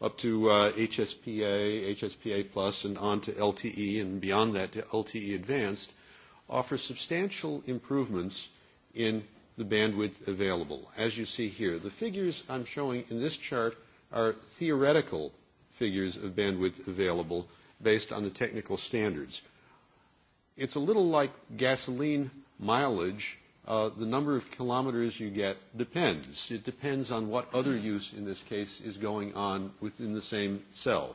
up to HSPA, HSPA Plus, and on to LTE and beyond that to LTE Advanced, offers substantial improvements in the bandwidth available, as you see here. The figures I'm showing in this chart are theoretical figures of bandwidth available based on the technical standards. It's a little like gasoline mileage the number of kilometers you get depends. It depends on what other use in this case is going on within the same cell.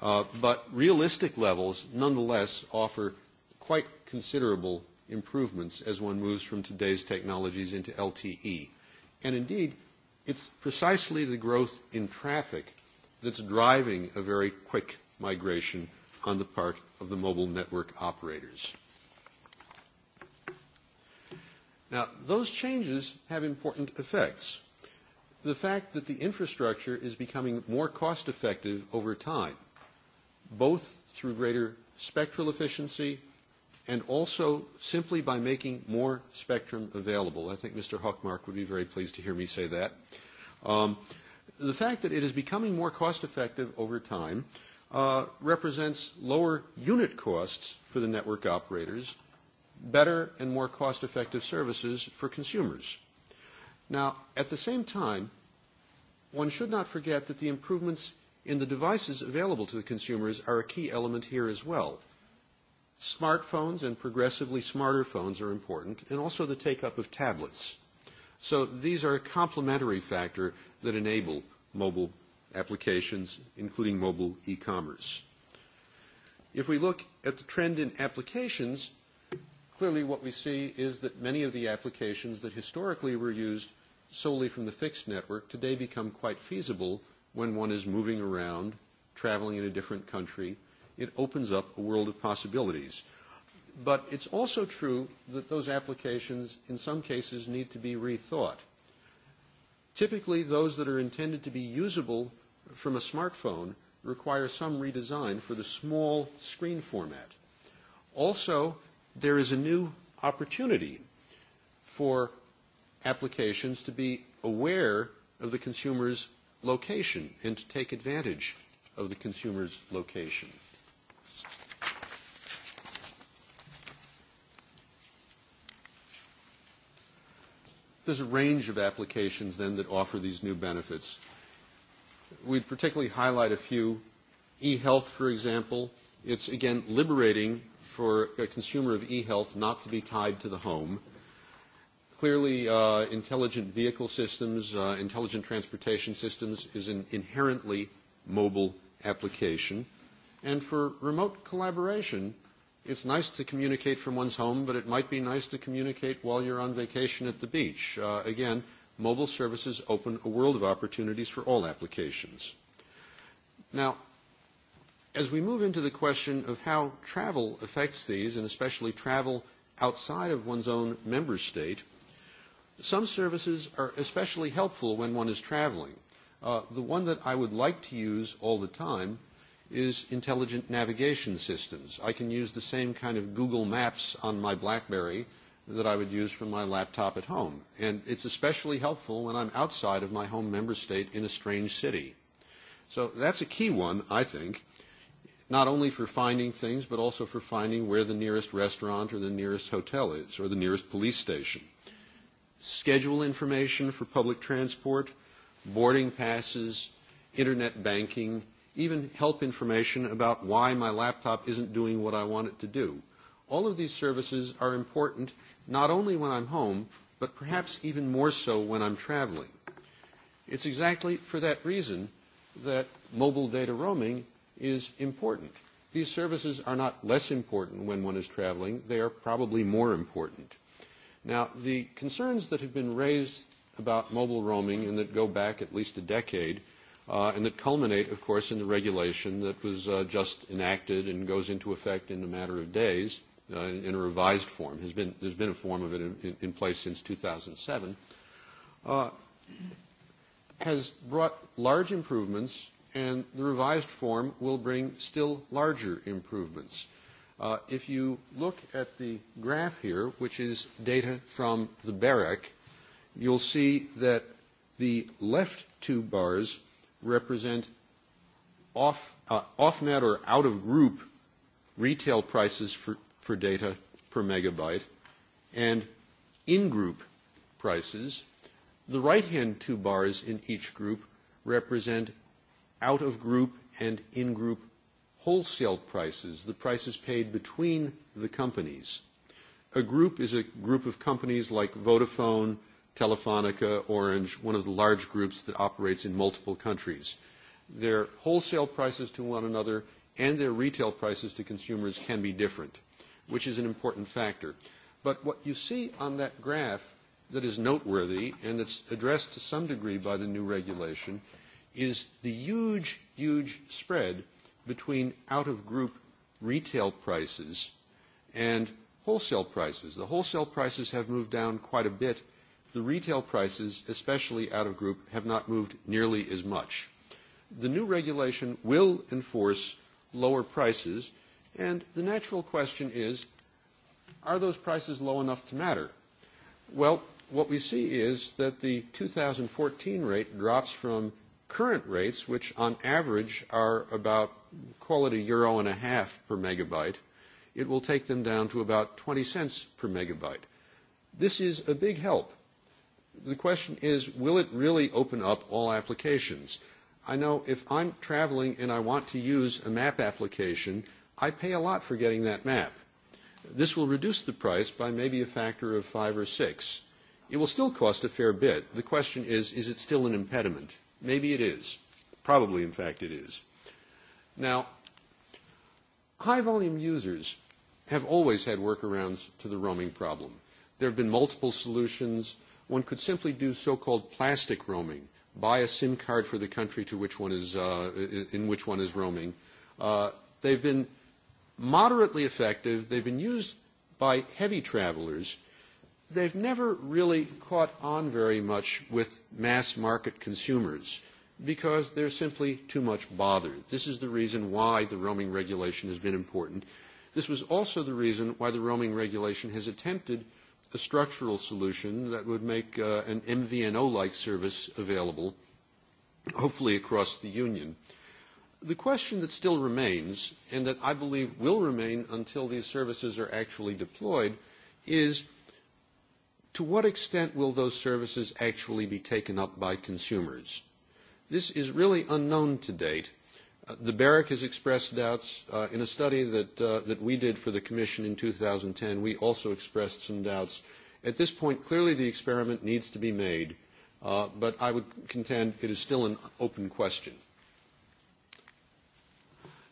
But realistic levels nonetheless offer quite considerable improvements as one moves from today's technologies into LTE. And indeed, it's precisely the growth in traffic that's driving a very quick migration on the part of the mobile network operators. Now, those changes have important effects. The fact that the infrastructure is becoming more cost-effective over time, both through greater spectral efficiency and also simply by making more spectrum available. I think Mr. Hockmark would be very pleased to hear me say that. The fact that it is becoming more cost-effective over time represents lower unit costs for the network operators better and more cost-effective services for consumers. Now, at the same time, one should not forget that the improvements in the devices available to the consumers are a key element here as well. Smartphones and progressively smarter phones are important, and also the take-up of tablets. So these are a complementary factor that enable mobile applications, including mobile e-commerce. If we look at the trend in applications, clearly what we see is that many of the applications that historically were used solely from the fixed network today become quite feasible when one is moving around, traveling in a different country. It opens up a world of possibilities. But it's also true that those applications, in some cases, need to be rethought. Typically, those that are intended to be usable from a smartphone require some redesign for the small screen format. Also, there is a new opportunity for applications to be aware of the consumer's location and to take advantage of the consumer's location. There's a range of applications then that offer these new benefits. We'd particularly highlight a few. E-health, for example, it's again liberating for a consumer of e-health not to be tied to the home. Clearly, intelligent vehicle systems, intelligent transportation systems is an inherently mobile application. And for remote collaboration, it's nice to communicate from one's home, but it might be nice to communicate while you're on vacation at the beach. Again, mobile services open a world of opportunities for all applications. Now, As we move into the question of how travel affects these, and especially travel outside of one's own member state, some services are especially helpful when one is traveling. The one that I would like to use all the time is intelligent navigation systems. I can use the same kind of Google Maps on my BlackBerry that I would use from my laptop at home. And it's especially helpful when I'm outside of my home member state in a strange city. So that's a key one, I think not only for finding things, but also for finding where the nearest restaurant or the nearest hotel is or the nearest police station. Schedule information for public transport, boarding passes, internet banking, even help information about why my laptop isn't doing what I want it to do. All of these services are important not only when I'm home, but perhaps even more so when I'm traveling. It's exactly for that reason that mobile data roaming is important. These services are not less important when one is traveling. They are probably more important. Now, the concerns that have been raised about mobile roaming and that go back at least a decade and that culminate, of course, in the regulation that was just enacted and goes into effect in a matter of days in a revised form. There's been a form of it in place since 2007. Has brought large improvements and the revised form will bring still larger improvements. If you look at the graph here, which is data from the BEREC, you'll see that the left two bars represent off-net or out-of-group retail prices for data per megabyte and in-group prices. The right-hand two bars in each group represent out of group and in group wholesale prices, the prices paid between the companies. A group is a group of companies like Vodafone, Telefonica, Orange, one of the large groups that operates in multiple countries. Their wholesale prices to one another and their retail prices to consumers can be different, which is an important factor. But what you see on that graph that is noteworthy and that's addressed to some degree by the new regulation is the huge, huge spread between out-of-group retail prices and wholesale prices. The wholesale prices have moved down quite a bit. The retail prices, especially out-of-group, have not moved nearly as much. The new regulation will enforce lower prices, and the natural question is, are those prices low enough to matter? Well, what we see is that the 2014 rate drops from current rates, which on average are about call it a euro and a half per megabyte, it will take them down to about 20 cents per megabyte. This is a big help. The question is, will it really open up all applications? I know if I'm traveling and I want to use a map application, I pay a lot for getting that map. This will reduce the price by maybe a factor of five or six. It will still cost a fair bit. The question is, is it still an impediment? Maybe it is. Probably, in fact, it is. Now, high-volume users have always had workarounds to the roaming problem. There have been multiple solutions. One could simply do so-called plastic roaming, buy a SIM card for the country to which one is, in which one is roaming. They've been moderately effective. They've been used by heavy travelers they've never really caught on very much with mass market consumers because they're simply too much bothered. This is the reason why the roaming regulation has been important. This was also the reason why the roaming regulation has attempted a structural solution that would make an MVNO-like service available, hopefully across the Union. The question that still remains, and that I believe will remain until these services are actually deployed, is to what extent will those services actually be taken up by consumers? This is really unknown to date. The BEREC has expressed doubts. In a study that we did for the Commission in 2010, we also expressed some doubts. At this point, clearly the experiment needs to be made, but I would contend it is still an open question.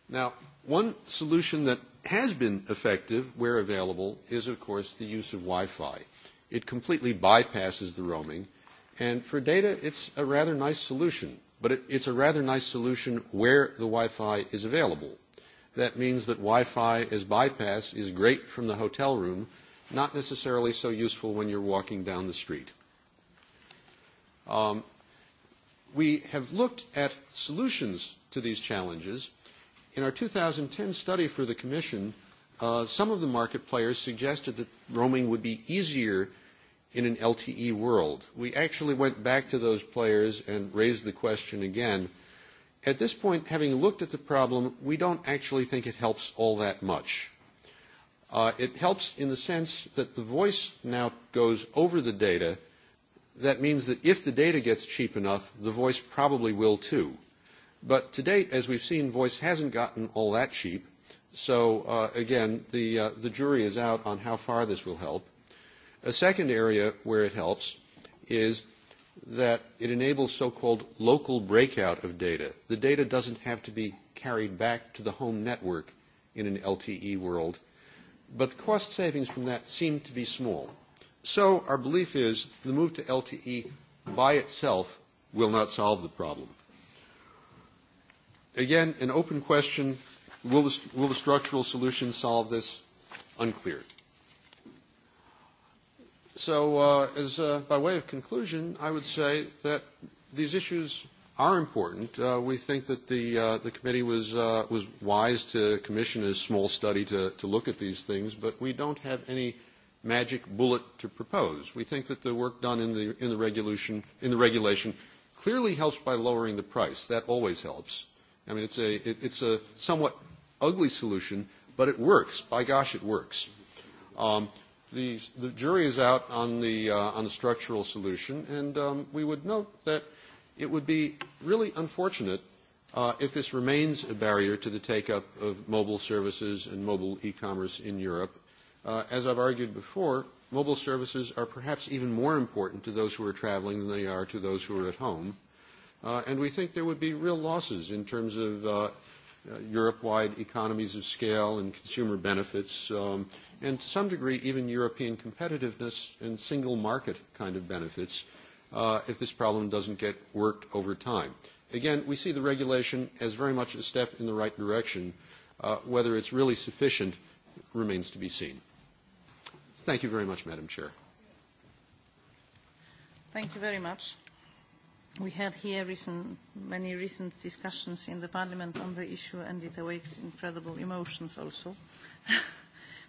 Now, one solution that has been effective where available is, of course, the use of Wi-Fi. It completely bypasses the roaming. And for data, it's a rather nice solution. But it's a rather nice solution where the Wi-Fi is available. That means that Wi-Fi as bypass is great from the hotel room, not necessarily so useful when you're walking down the street. We have looked at solutions to these challenges. In our 2010 study for the Commission, some of the market players suggested that roaming would be easier in an LTE world. We actually went back to those players and raised the question again. At this point, having looked at the problem, we don't actually think it helps all that much. It helps in the sense that the voice now goes over the data. That means that if the data gets cheap enough, the voice probably will too. But to date, as we've seen, voice hasn't gotten all that cheap. So, again, the jury is out on how far this will help. A second area where it helps is that it enables so-called local breakout of data. The data doesn't have to be carried back to the home network in an LTE world, but the cost savings from that seem to be small. So our belief is the move to LTE by itself will not solve the problem. Again, an open question Will the structural solution solve this? Unclear. So as by way of conclusion, I would say that these issues are important. We think that the committee was wise to commission a small study to look at these things, but we don't have any magic bullet to propose. We think that the work done in the regulation clearly helps by lowering the price. That always helps. I mean, it's a somewhat ugly solution, but it works. By gosh, it works. the, jury is out on the, structural solution, and we would note that it would be really unfortunate if this remains a barrier to the take-up of mobile services and mobile e-commerce in Europe. as I've argued before, mobile services are perhaps even more important to those who are traveling than they are to those who are at home. and we think there would be real losses in terms of Europe-wide economies of scale and consumer benefits, and to some degree even European competitiveness and single market kind of benefits if this problem doesn't get worked over time. Again, we see the regulation as very much a step in the right direction. Whether it's really sufficient remains to be seen. Thank you very much, Madam Chair. Thank you very much. We had here recent, many recent discussions in the Parliament on the issue and it awakes incredible emotions also.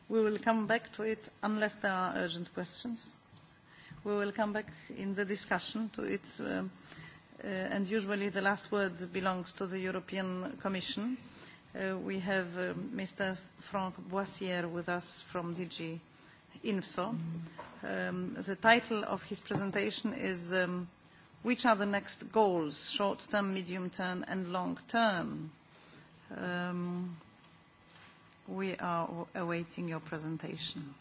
We will come back to it unless there are urgent questions. We will come back in the discussion to it and usually the last word belongs to the European Commission. We have Mr. Franck Boissier with us from DG INFSO. The title of his presentation is Which are the next goals, short-term, medium-term, and long-term? We are awaiting your presentation.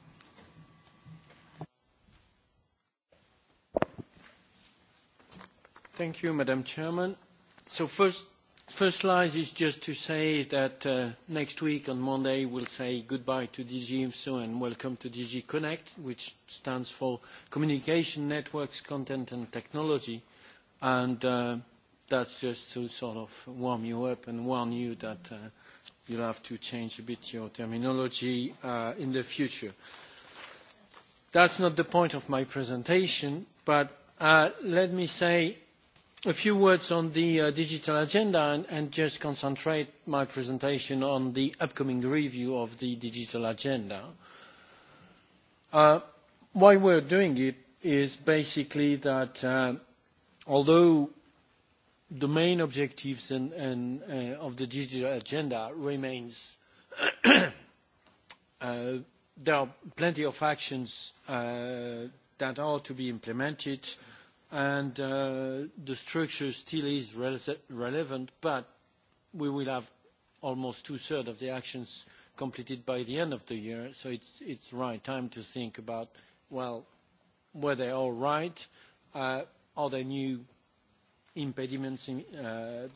Thank you, Madam Chairman. So first slide is just to say that next week on Monday we'll say goodbye to DG IMSO and welcome to DG Connect, which stands for Communication Networks, Content and Technology and that's just to sort of warm you up and warn you that you'll have to change a bit your terminology in the future. That's not the point of my presentation, but let me say a few words on the digital agenda and just concentrate my presentation on the upcoming review of the digital agenda. Why we're doing it is basically that although the main objectives and of the digital agenda remains there are plenty of actions that are to be implemented and the structure still is relevant but we will have almost two-thirds of the actions completed by the end of the year so it's it's right time to think about well were they all right Are there new impediments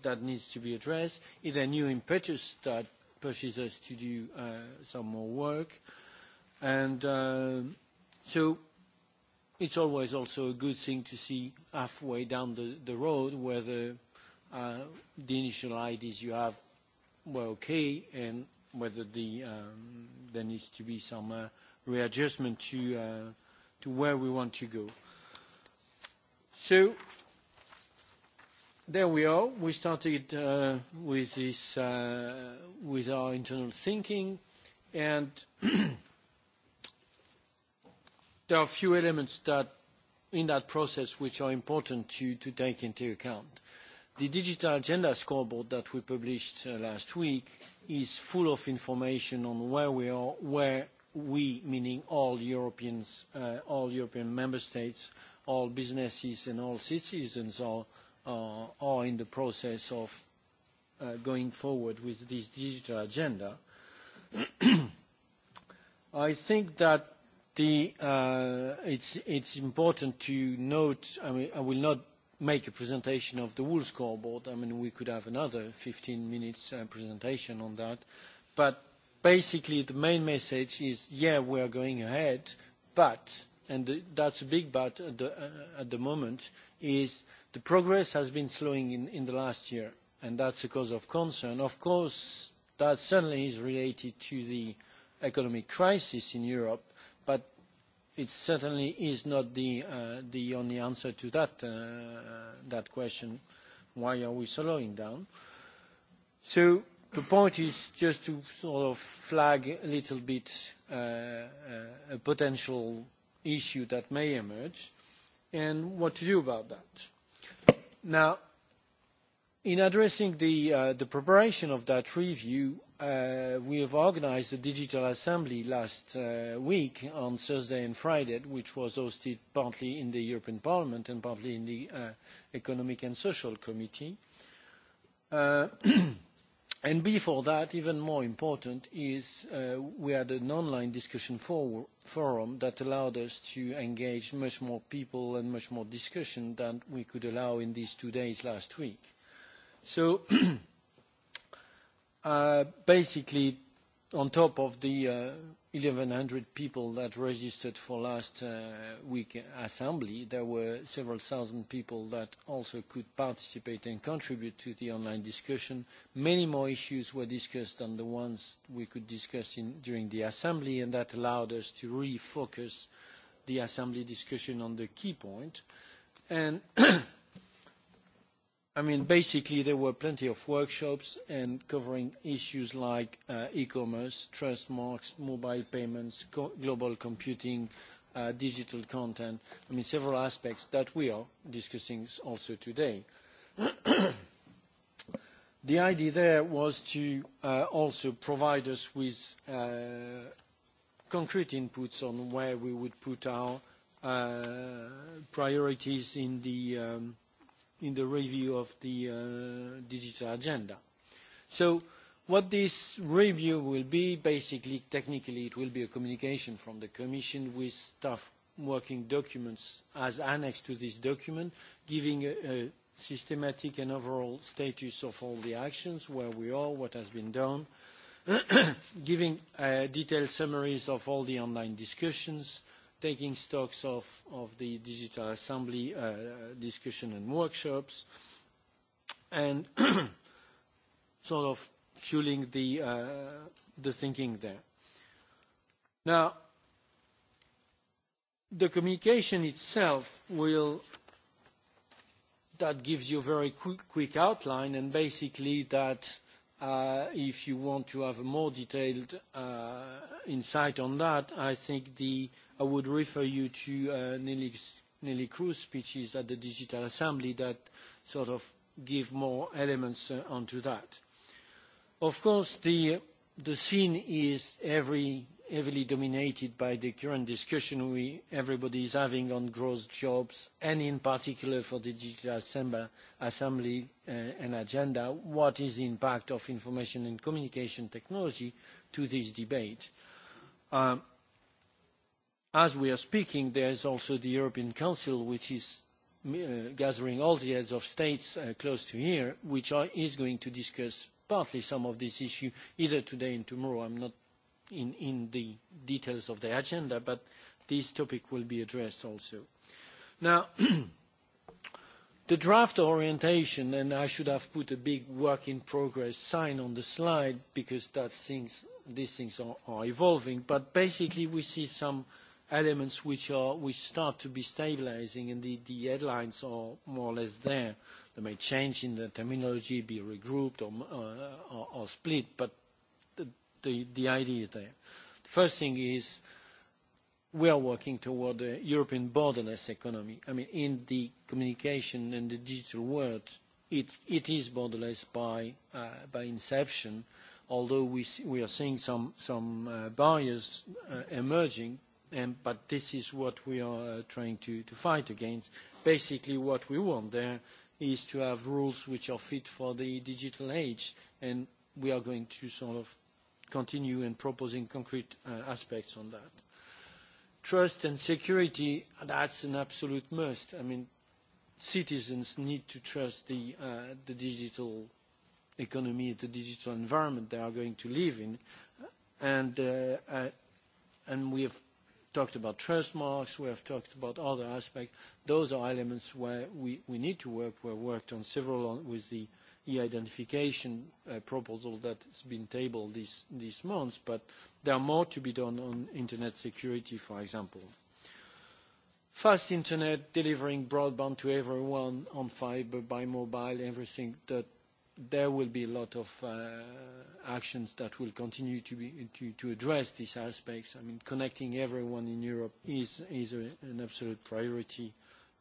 that needs to be addressed? Is there new impetus that pushes us to do some more work? And so it's always also a good thing to see halfway down the road whether the initial ideas you have were okay and whether there needs to be some readjustment to where we want to go. So there we are. We started with this, with our internal thinking, and there are a few elements that, in that process, which are important to take into account. The digital agenda scoreboard that we published last week is full of information on where we are, where we, meaning all Europeans, all European member states all businesses and all citizens are in the process of going forward with this digital agenda. I think that it's important to note, I mean, I will not make a presentation of the whole scoreboard. I mean, we could have another 15 minutes presentation on that. But basically, the main message is, yeah, we are going ahead, but and that's a big but at the moment, is the progress has been slowing in the last year, and that's a cause of concern. Of course, that certainly is related to the economic crisis in Europe, but it certainly is not the only answer to that question, why are we slowing down. So the point is just to sort of flag a little bit a potential issue that may emerge and what to do about that. Now, in addressing the preparation of that review, we have organised a digital assembly last week on Thursday and Friday, which was hosted partly in the European Parliament and partly in the Economic and Social Committee And before that, even more important is we had an online discussion forum that allowed us to engage much more people and much more discussion than we could allow in these two days last week. So basically, on top of the 1,100 people that registered for last week assembly. There were several thousand people that also could participate and contribute to the online discussion. Many more issues were discussed than the ones we could discuss during the assembly, and that allowed us to refocus the assembly discussion on the key point. And I mean, basically, there were plenty of workshops and covering issues like e-commerce, trust marks, mobile payments, global computing, digital content. I mean, several aspects that we are discussing also today. The idea there was to also provide us with concrete inputs on where we would put our priorities in the in the review of the digital agenda. So what this review will be, basically, technically, it will be a communication from the Commission with staff working documents as annexed to this document, giving a systematic and overall status of all the actions, where we are, what has been done, giving detailed summaries of all the online discussions, taking stocks of the digital assembly discussion and workshops, and sort of fueling the thinking there. Now, the communication itself will that gives you a very quick outline and basically that if you want to have a more detailed insight on that, I think the I would refer you to Nelly Cruz's speeches at the Digital Assembly that sort of give more elements onto that. Of course, the scene is heavily dominated by the current discussion everybody is having on gross jobs and in particular for the Digital Assembly and agenda, what is the impact of information and communication technology to this debate. As we are speaking, there is also the European Council, which is gathering all the heads of states close to here, which is going to discuss partly some of this issue either today and tomorrow. I'm not in the details of the agenda, but this topic will be addressed also. Now, the draft orientation, and I should have put a big work in progress sign on the slide because that these things are evolving, but basically we see some elements which start to be stabilizing and the headlines are more or less there. They may change in the terminology, be regrouped or split, but the idea is there. The first thing is we are working toward a European borderless economy. I mean, in the communication and the digital world, it is borderless by inception, although we are seeing some barriers emerging But this is what we are trying to fight against. Basically, what we want there is to have rules which are fit for the digital age, and we are going to sort of continue in proposing concrete aspects on that. Trust and security, that's an absolute must. I mean, citizens need to trust the digital economy, the digital environment they are going to live in, and we have talked about trust marks, we have talked about other aspects. Those are elements where we need to work. We have worked on several with the e-identification proposal that has been tabled these months, but there are more to be done on internet security, for example. Fast internet, delivering broadband to everyone on fiber, by mobile, everything that there will be a lot of actions that will continue to address these aspects. I mean, connecting everyone in Europe is an absolute priority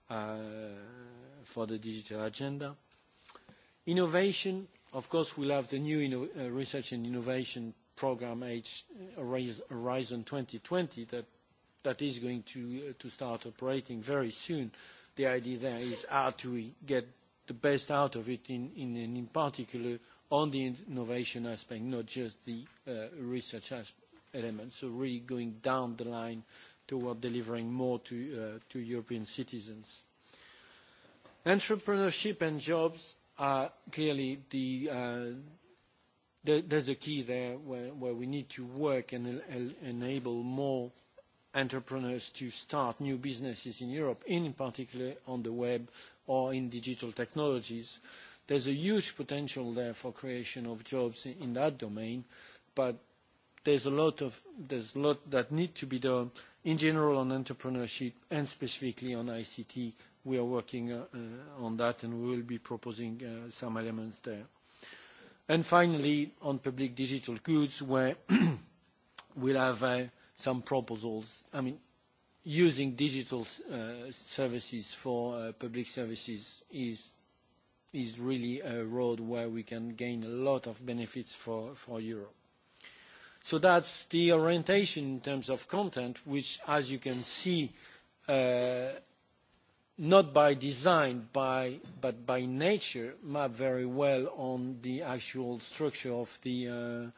for the digital agenda. Innovation, of course, we'll have the new research and innovation program Horizon 2020 that is going to start operating very soon. The idea there is how to get the best out of it, in in particular on the innovation aspect, not just the research element. So really going down the line toward delivering more to European citizens. Entrepreneurship and jobs are clearly the there's a key there where we need to work and enable more entrepreneurs to start new businesses in Europe, in particular on the web or in digital technologies. There's a huge potential there for creation of jobs in that domain, but there's a lot that need to be done in general on entrepreneurship and specifically on ICT. We are working on that and we will be proposing some elements there. And finally, on public digital goods, where we'll have a some proposals, I mean, using digital services for public services is really a road where we can gain a lot of benefits for for Europe. So that's the orientation in terms of content, which, as you can see, not by design, but by nature, map very well on the actual structure of the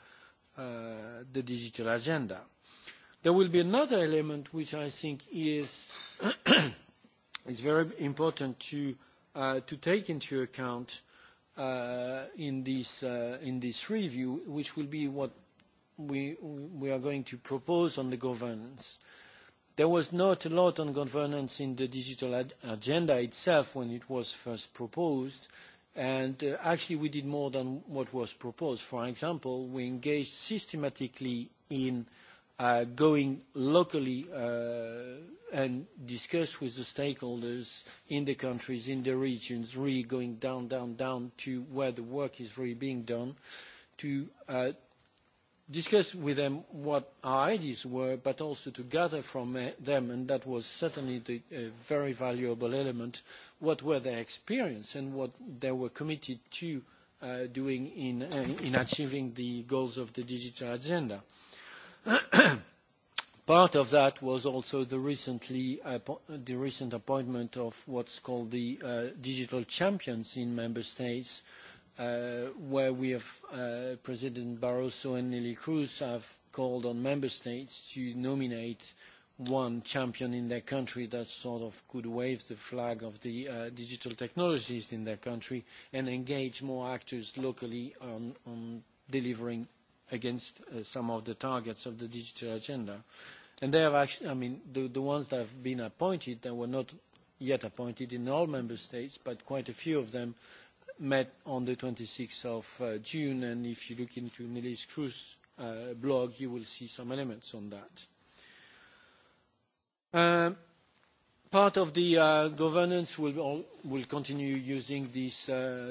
digital agenda. There will be another element which I think is very important to take into account in this review, which will be what we are going to propose on the governance. There was not a lot on governance in the digital agenda itself when it was first proposed, and actually we did more than what was proposed. For example, we engaged systematically in going locally and discuss with the stakeholders in the countries, in the regions, really going down, down, down to where the work is really being done, to discuss with them what our ideas were, but also to gather from them, and that was certainly a very valuable element, what were their experience and what they were committed to doing in achieving the goals of the digital agenda. Part of that was also the recent appointment of what's called the digital champions in member states, where we have President Barroso and Nelly Cruz have called on member states to nominate one champion in their country that sort of could wave the flag of the digital technologies in their country and engage more actors locally on delivering against some of the targets of the digital agenda. And they have actually, I mean, the ones that have been appointed and were not yet appointed in all member states, but quite a few of them met on the 26th of June, and if you look into Nelly's Cruz blog, you will see some elements on that. Part of the governance will continue using this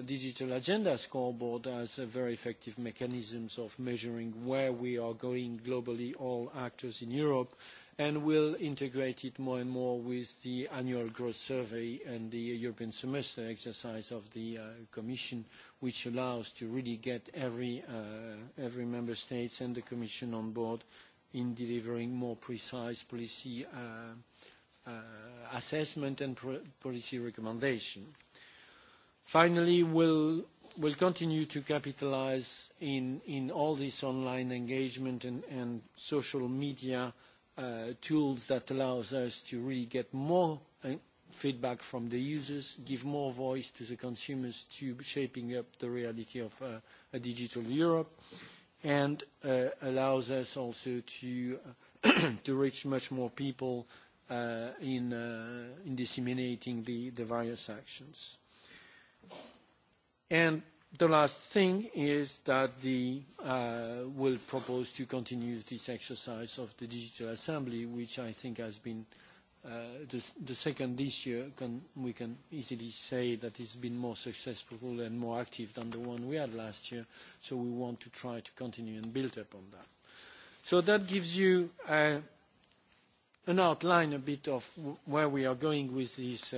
digital agenda scoreboard as a very effective mechanism of measuring where we are going globally, all actors in Europe, and will integrate it more and more with the annual growth survey and the European semester exercise of the Commission, which allows to really get every member state and the Commission on board in delivering more precise policy assessment and policy recommendation. Finally, we'll continue to capitalize in all this online engagement and social media tools that allows us to really get more feedback from the users, give more voice to the consumers to shaping up the reality of a digital Europe, and allows us also to reach much more people in disseminating the various actions. And the last thing is that we will propose to continue this exercise of the digital assembly, which I think has been the second this year. We can easily say that it's been more successful and more active than the one we had last year. So we want to try to continue and build upon that. So that gives you an outline a bit of where we are going with this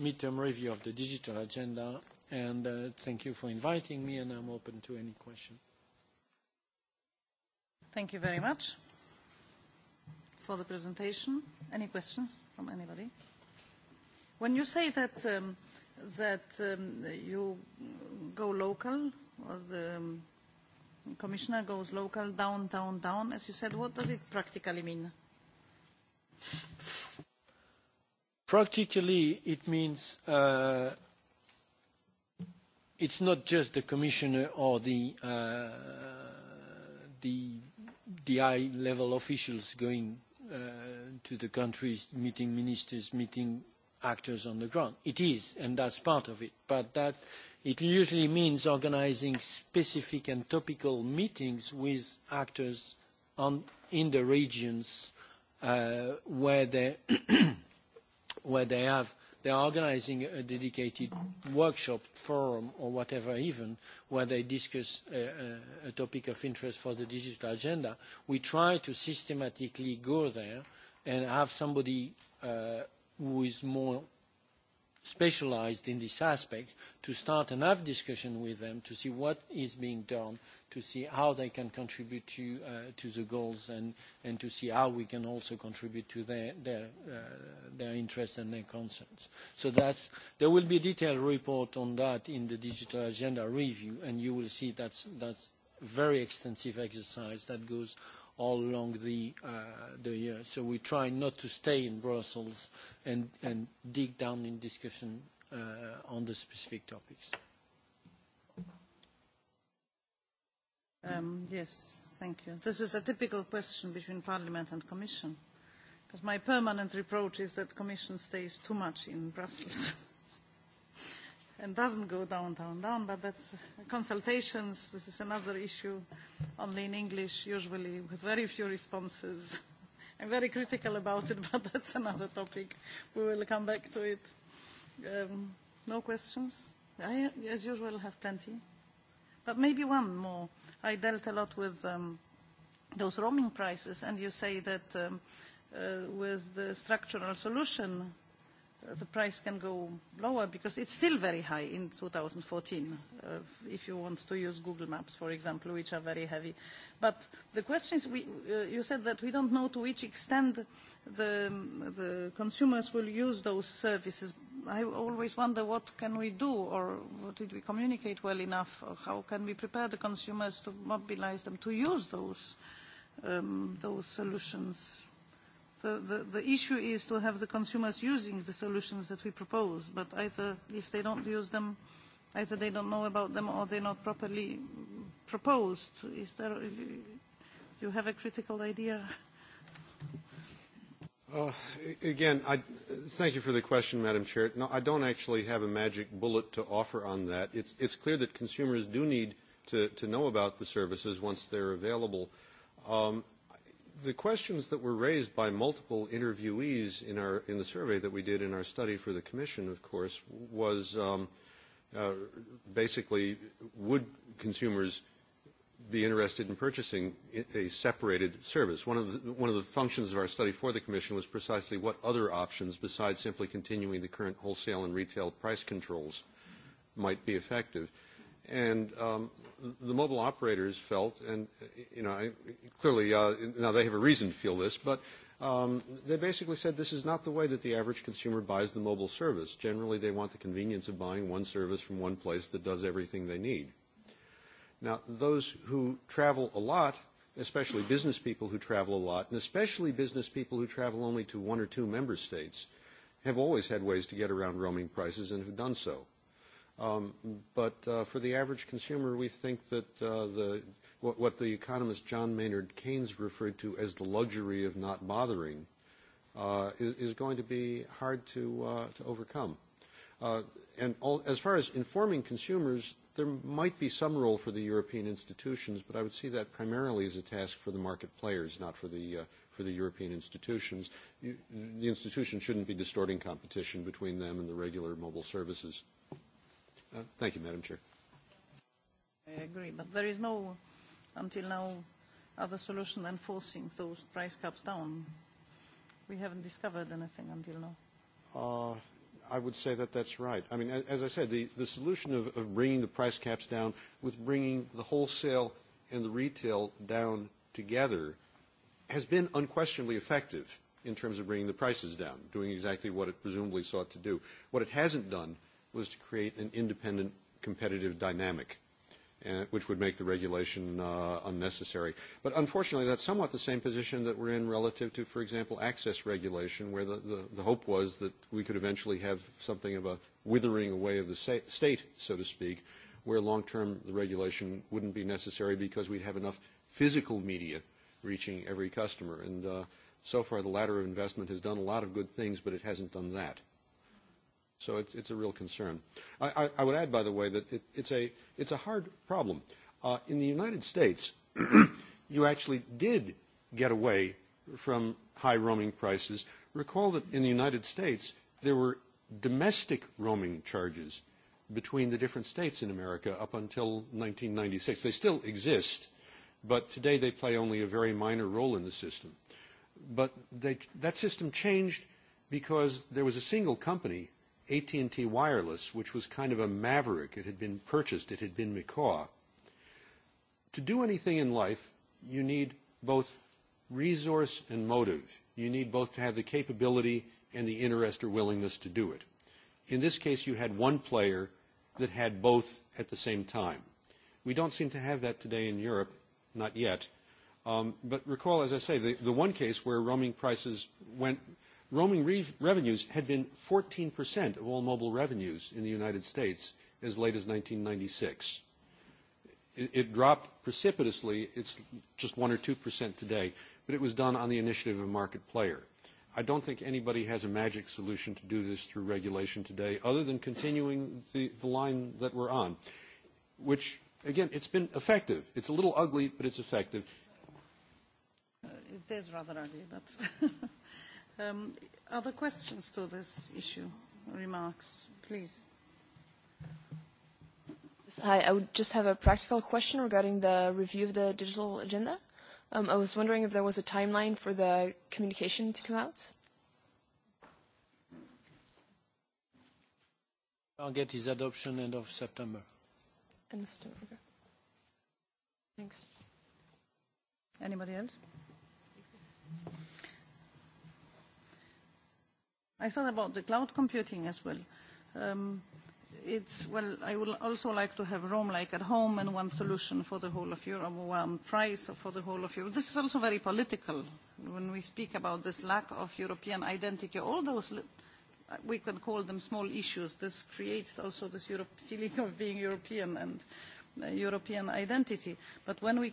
midterm review of the digital agenda, and thank you for inviting me, and I'm open to any question. Thank you very much for the presentation. Any questions from anybody? When you say that that you go local, or the commissioner goes local, down, down, down, as you said, what does it practically mean? Practically, it means it's not just the commissioner or the high-level officials going to the countries, meeting ministers, meeting actors on the ground. It is, and that's part of it. But that it usually means organizing specific and topical meetings with actors in the regions where they have they are organizing a dedicated workshop, forum, or whatever even, where they discuss a topic of interest for the digital agenda. We try to systematically go there and have somebody who is more specialized in this aspect to start and have discussion with them to see what is being done, to see how they can contribute to, the goals and, to see how we can also contribute to their, their, interests and their concerns. So there will be a detailed report on that in the digital agenda review and you will see that's, that's very extensive exercise that goes all along the year. So we try not to stay in Brussels and dig down in discussion on the specific topics. Yes, thank you. This is a typical question between Parliament and Commission, because my permanent reproach is that Commission stays too much in Brussels and doesn't go down, down, down, but that's consultations. This is another issue, only in English, usually with very few responses. I'm very critical about it, but that's another topic. We will come back to it. Um, no questions? I, as usual, have plenty. But maybe one more. I dealt a lot with those roaming prices, and you say that with the structural solution, the price can go lower because it's still very high in 2014 if you want to use Google Maps, for example, which are very heavy. But the question is, you said that we don't know to which extent the consumers will use those services. I always wonder what can we do or what did we communicate well enough or how can we prepare the consumers to mobilize them to use those solutions. So the issue is to have the consumers using the solutions that we propose, but either if they don't use them, either they don't know about them or they're not properly proposed. Is there, you have a critical idea? Again, thank you for the question, Madam Chair. No, I don't actually have a magic bullet to offer on that. It's clear that consumers do need to know about the services once they're available the questions that were raised by multiple interviewees in our in the survey that we did in our study for the commission of course was basically would consumers be interested in purchasing a separated service one of the one of the functions of our study for the commission was precisely what other options besides simply continuing the current wholesale and retail price controls might be effective And the mobile operators felt, and you know, clearly now they have a reason to feel this, but they basically said this is not the way that the average consumer buys the mobile service. Generally, they want the convenience of buying one service from one place that does everything they need. Now, those who travel a lot, especially business people who travel a lot, and especially business people who travel only to one or two member states, have always had ways to get around roaming prices and have done so. But for the average consumer, we think that the what the economist John Maynard Keynes referred to as the luxury of not bothering is going to be hard to overcome. And as far as informing consumers, there might be some role for the European institutions, but I would see that primarily as a task for the market players, not for the for the European institutions. The institutions shouldn't be distorting competition between them and the regular mobile services. Thank you, Madam Chair. I agree, but there is no, until now, other solution than forcing those price caps down. We haven't discovered anything until now. I would say that that's right. I mean, as I said, the, the solution of, of bringing the price caps down with bringing the wholesale and the retail down together has been unquestionably effective in terms of bringing the prices down, doing exactly what it presumably sought to do. What it hasn't done was to create an independent competitive dynamic, which would make the regulation unnecessary. But unfortunately, that's somewhat the same position that we're in relative to, for example, access regulation, where the hope was that we could eventually have something of a withering away of the state, so to speak, where long-term the regulation wouldn't be necessary because we'd have enough physical media reaching every customer. And so far, the ladder of investment has done a lot of good things, but it hasn't done that. So it's, it's a real concern. I, I, I would add, by the way, that it, it's, a, it's a hard problem. Uh, in the United States, you actually did get away from high roaming prices. Recall that in the United States, there were domestic roaming charges between the different states in America up until 1996. They still exist, but today they play only a very minor role in the system. But they, that system changed because there was a single company AT&T Wireless, which was kind of a maverick. It had been purchased. It had been macaw. To do anything in life, you need both resource and motive. You need both to have the capability and the interest or willingness to do it. In this case, you had one player that had both at the same time. We don't seem to have that today in Europe, not yet. But recall, as I say, the one case where roaming prices went Roaming revenues had been 14% of all mobile revenues in the United States as late as 1996. It dropped precipitously. It's just 1% or 2% today, but it was done on the initiative of a market player. I don't think anybody has a magic solution to do this through regulation today other than continuing the line that we're on, which, again, it's been effective. It's a little ugly, but it's effective. It is rather ugly, but Other questions to this issue, remarks, please. Hi, I would just have a practical question regarding the review of the digital agenda. I was wondering if there was a timeline for the communication to come out. Target is adoption end of September. End of September, okay. Thanks. Anybody else? I thought about the cloud computing as well. It's well, I would also like to have Rome like at home and one solution for the whole of Europe, one price for the whole of Europe. This is also very political. When we speak about this lack of European identity, all those we can call them small issues. This creates also this feeling of being European and European identity. But when we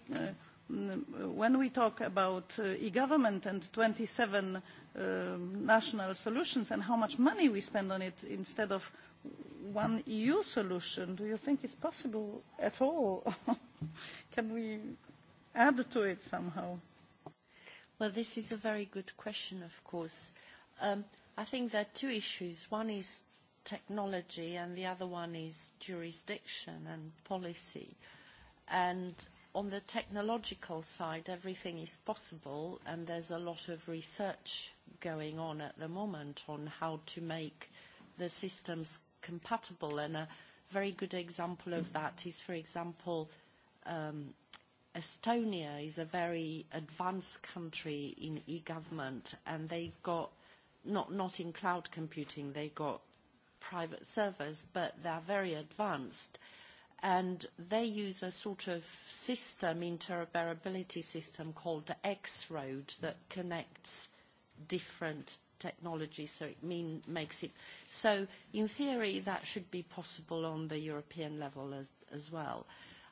when we talk about e-government and 27 national solutions and how much money we spend on it instead of one EU solution, do you think it's possible at all? Can we add to it somehow? Well, this is a very good question, of course. I think there are two issues. One is technology and the other one is jurisdiction and policy. And on the technological side, everything is possible, and there's a lot of research going on at the moment on how to make the systems compatible. And a very good example of that is, for example, Estonia is a very advanced country in e-government, and they've got, not in cloud computing, they've got private servers, but they are very advanced and they use a sort of system, interoperability system called the X-Road that connects different technologies, so it makes it. So in theory, that should be possible on the European level as well.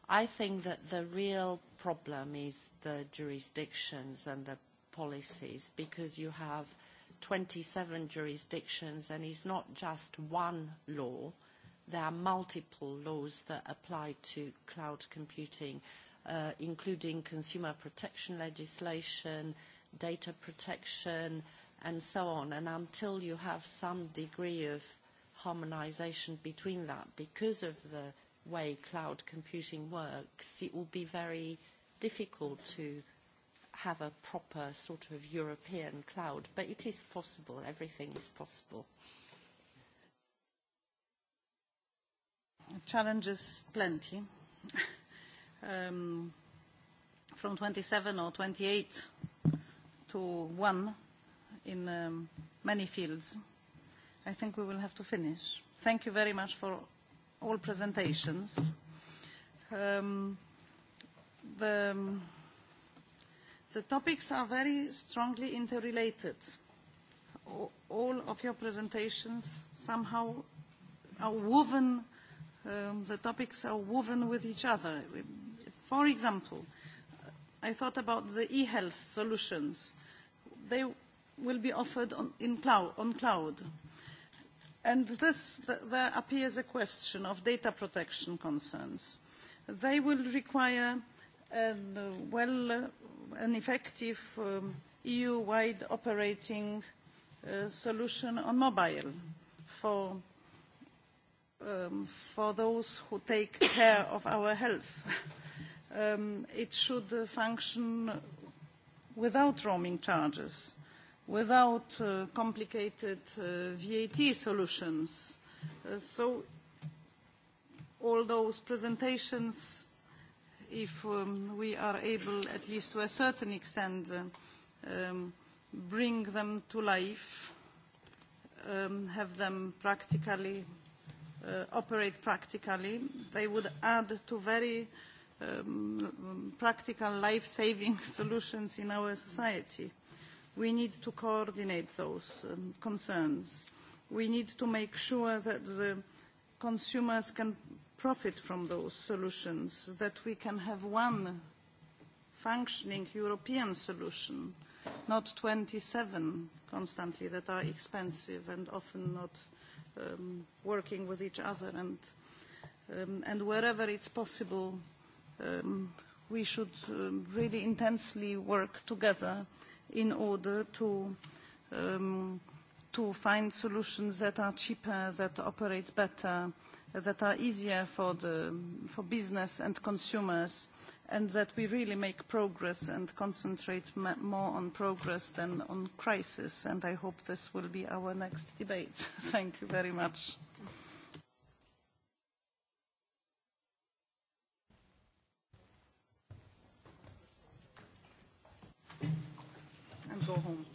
I think that the real problem is the jurisdictions and the policies, because you have 27 jurisdictions and it's not just one law There are multiple laws that apply to cloud computing, including consumer protection legislation, data protection, and so on. And until you have some degree of harmonization between that, because of the way cloud computing works, it will be very difficult to have a proper sort of European cloud. But it is possible. Everything is possible. challenges plenty. From 27 or 28 to one in many fields, I think we will have to finish. Thank you very much for all presentations. The topics are very strongly interrelated. All of your presentations somehow are woven the topics are woven with each other. For example, I thought about the e-health solutions. They will be offered on cloud. And this, there appears a question of data protection concerns. They will require well, an effective EU-wide operating solution on mobile for for those who take care of our health. It should function without roaming charges, without complicated VAT solutions. So all those presentations, if we are able, at least to a certain extent, bring them to life, have them practically operate practically. They would add to very practical life-saving solutions in our society. We need to coordinate those concerns. We need to make sure that the consumers can profit from those solutions, that we can have one functioning European solution, not 27 constantly that are expensive and often not working with each other and and wherever it's possible we should really intensely work together in order to to find solutions that are cheaper, that operate better, that are easier for the for business and consumers and that we really make progress and concentrate more on progress than on crisis. And I hope this will be our next debate. Thank you very much. And go home.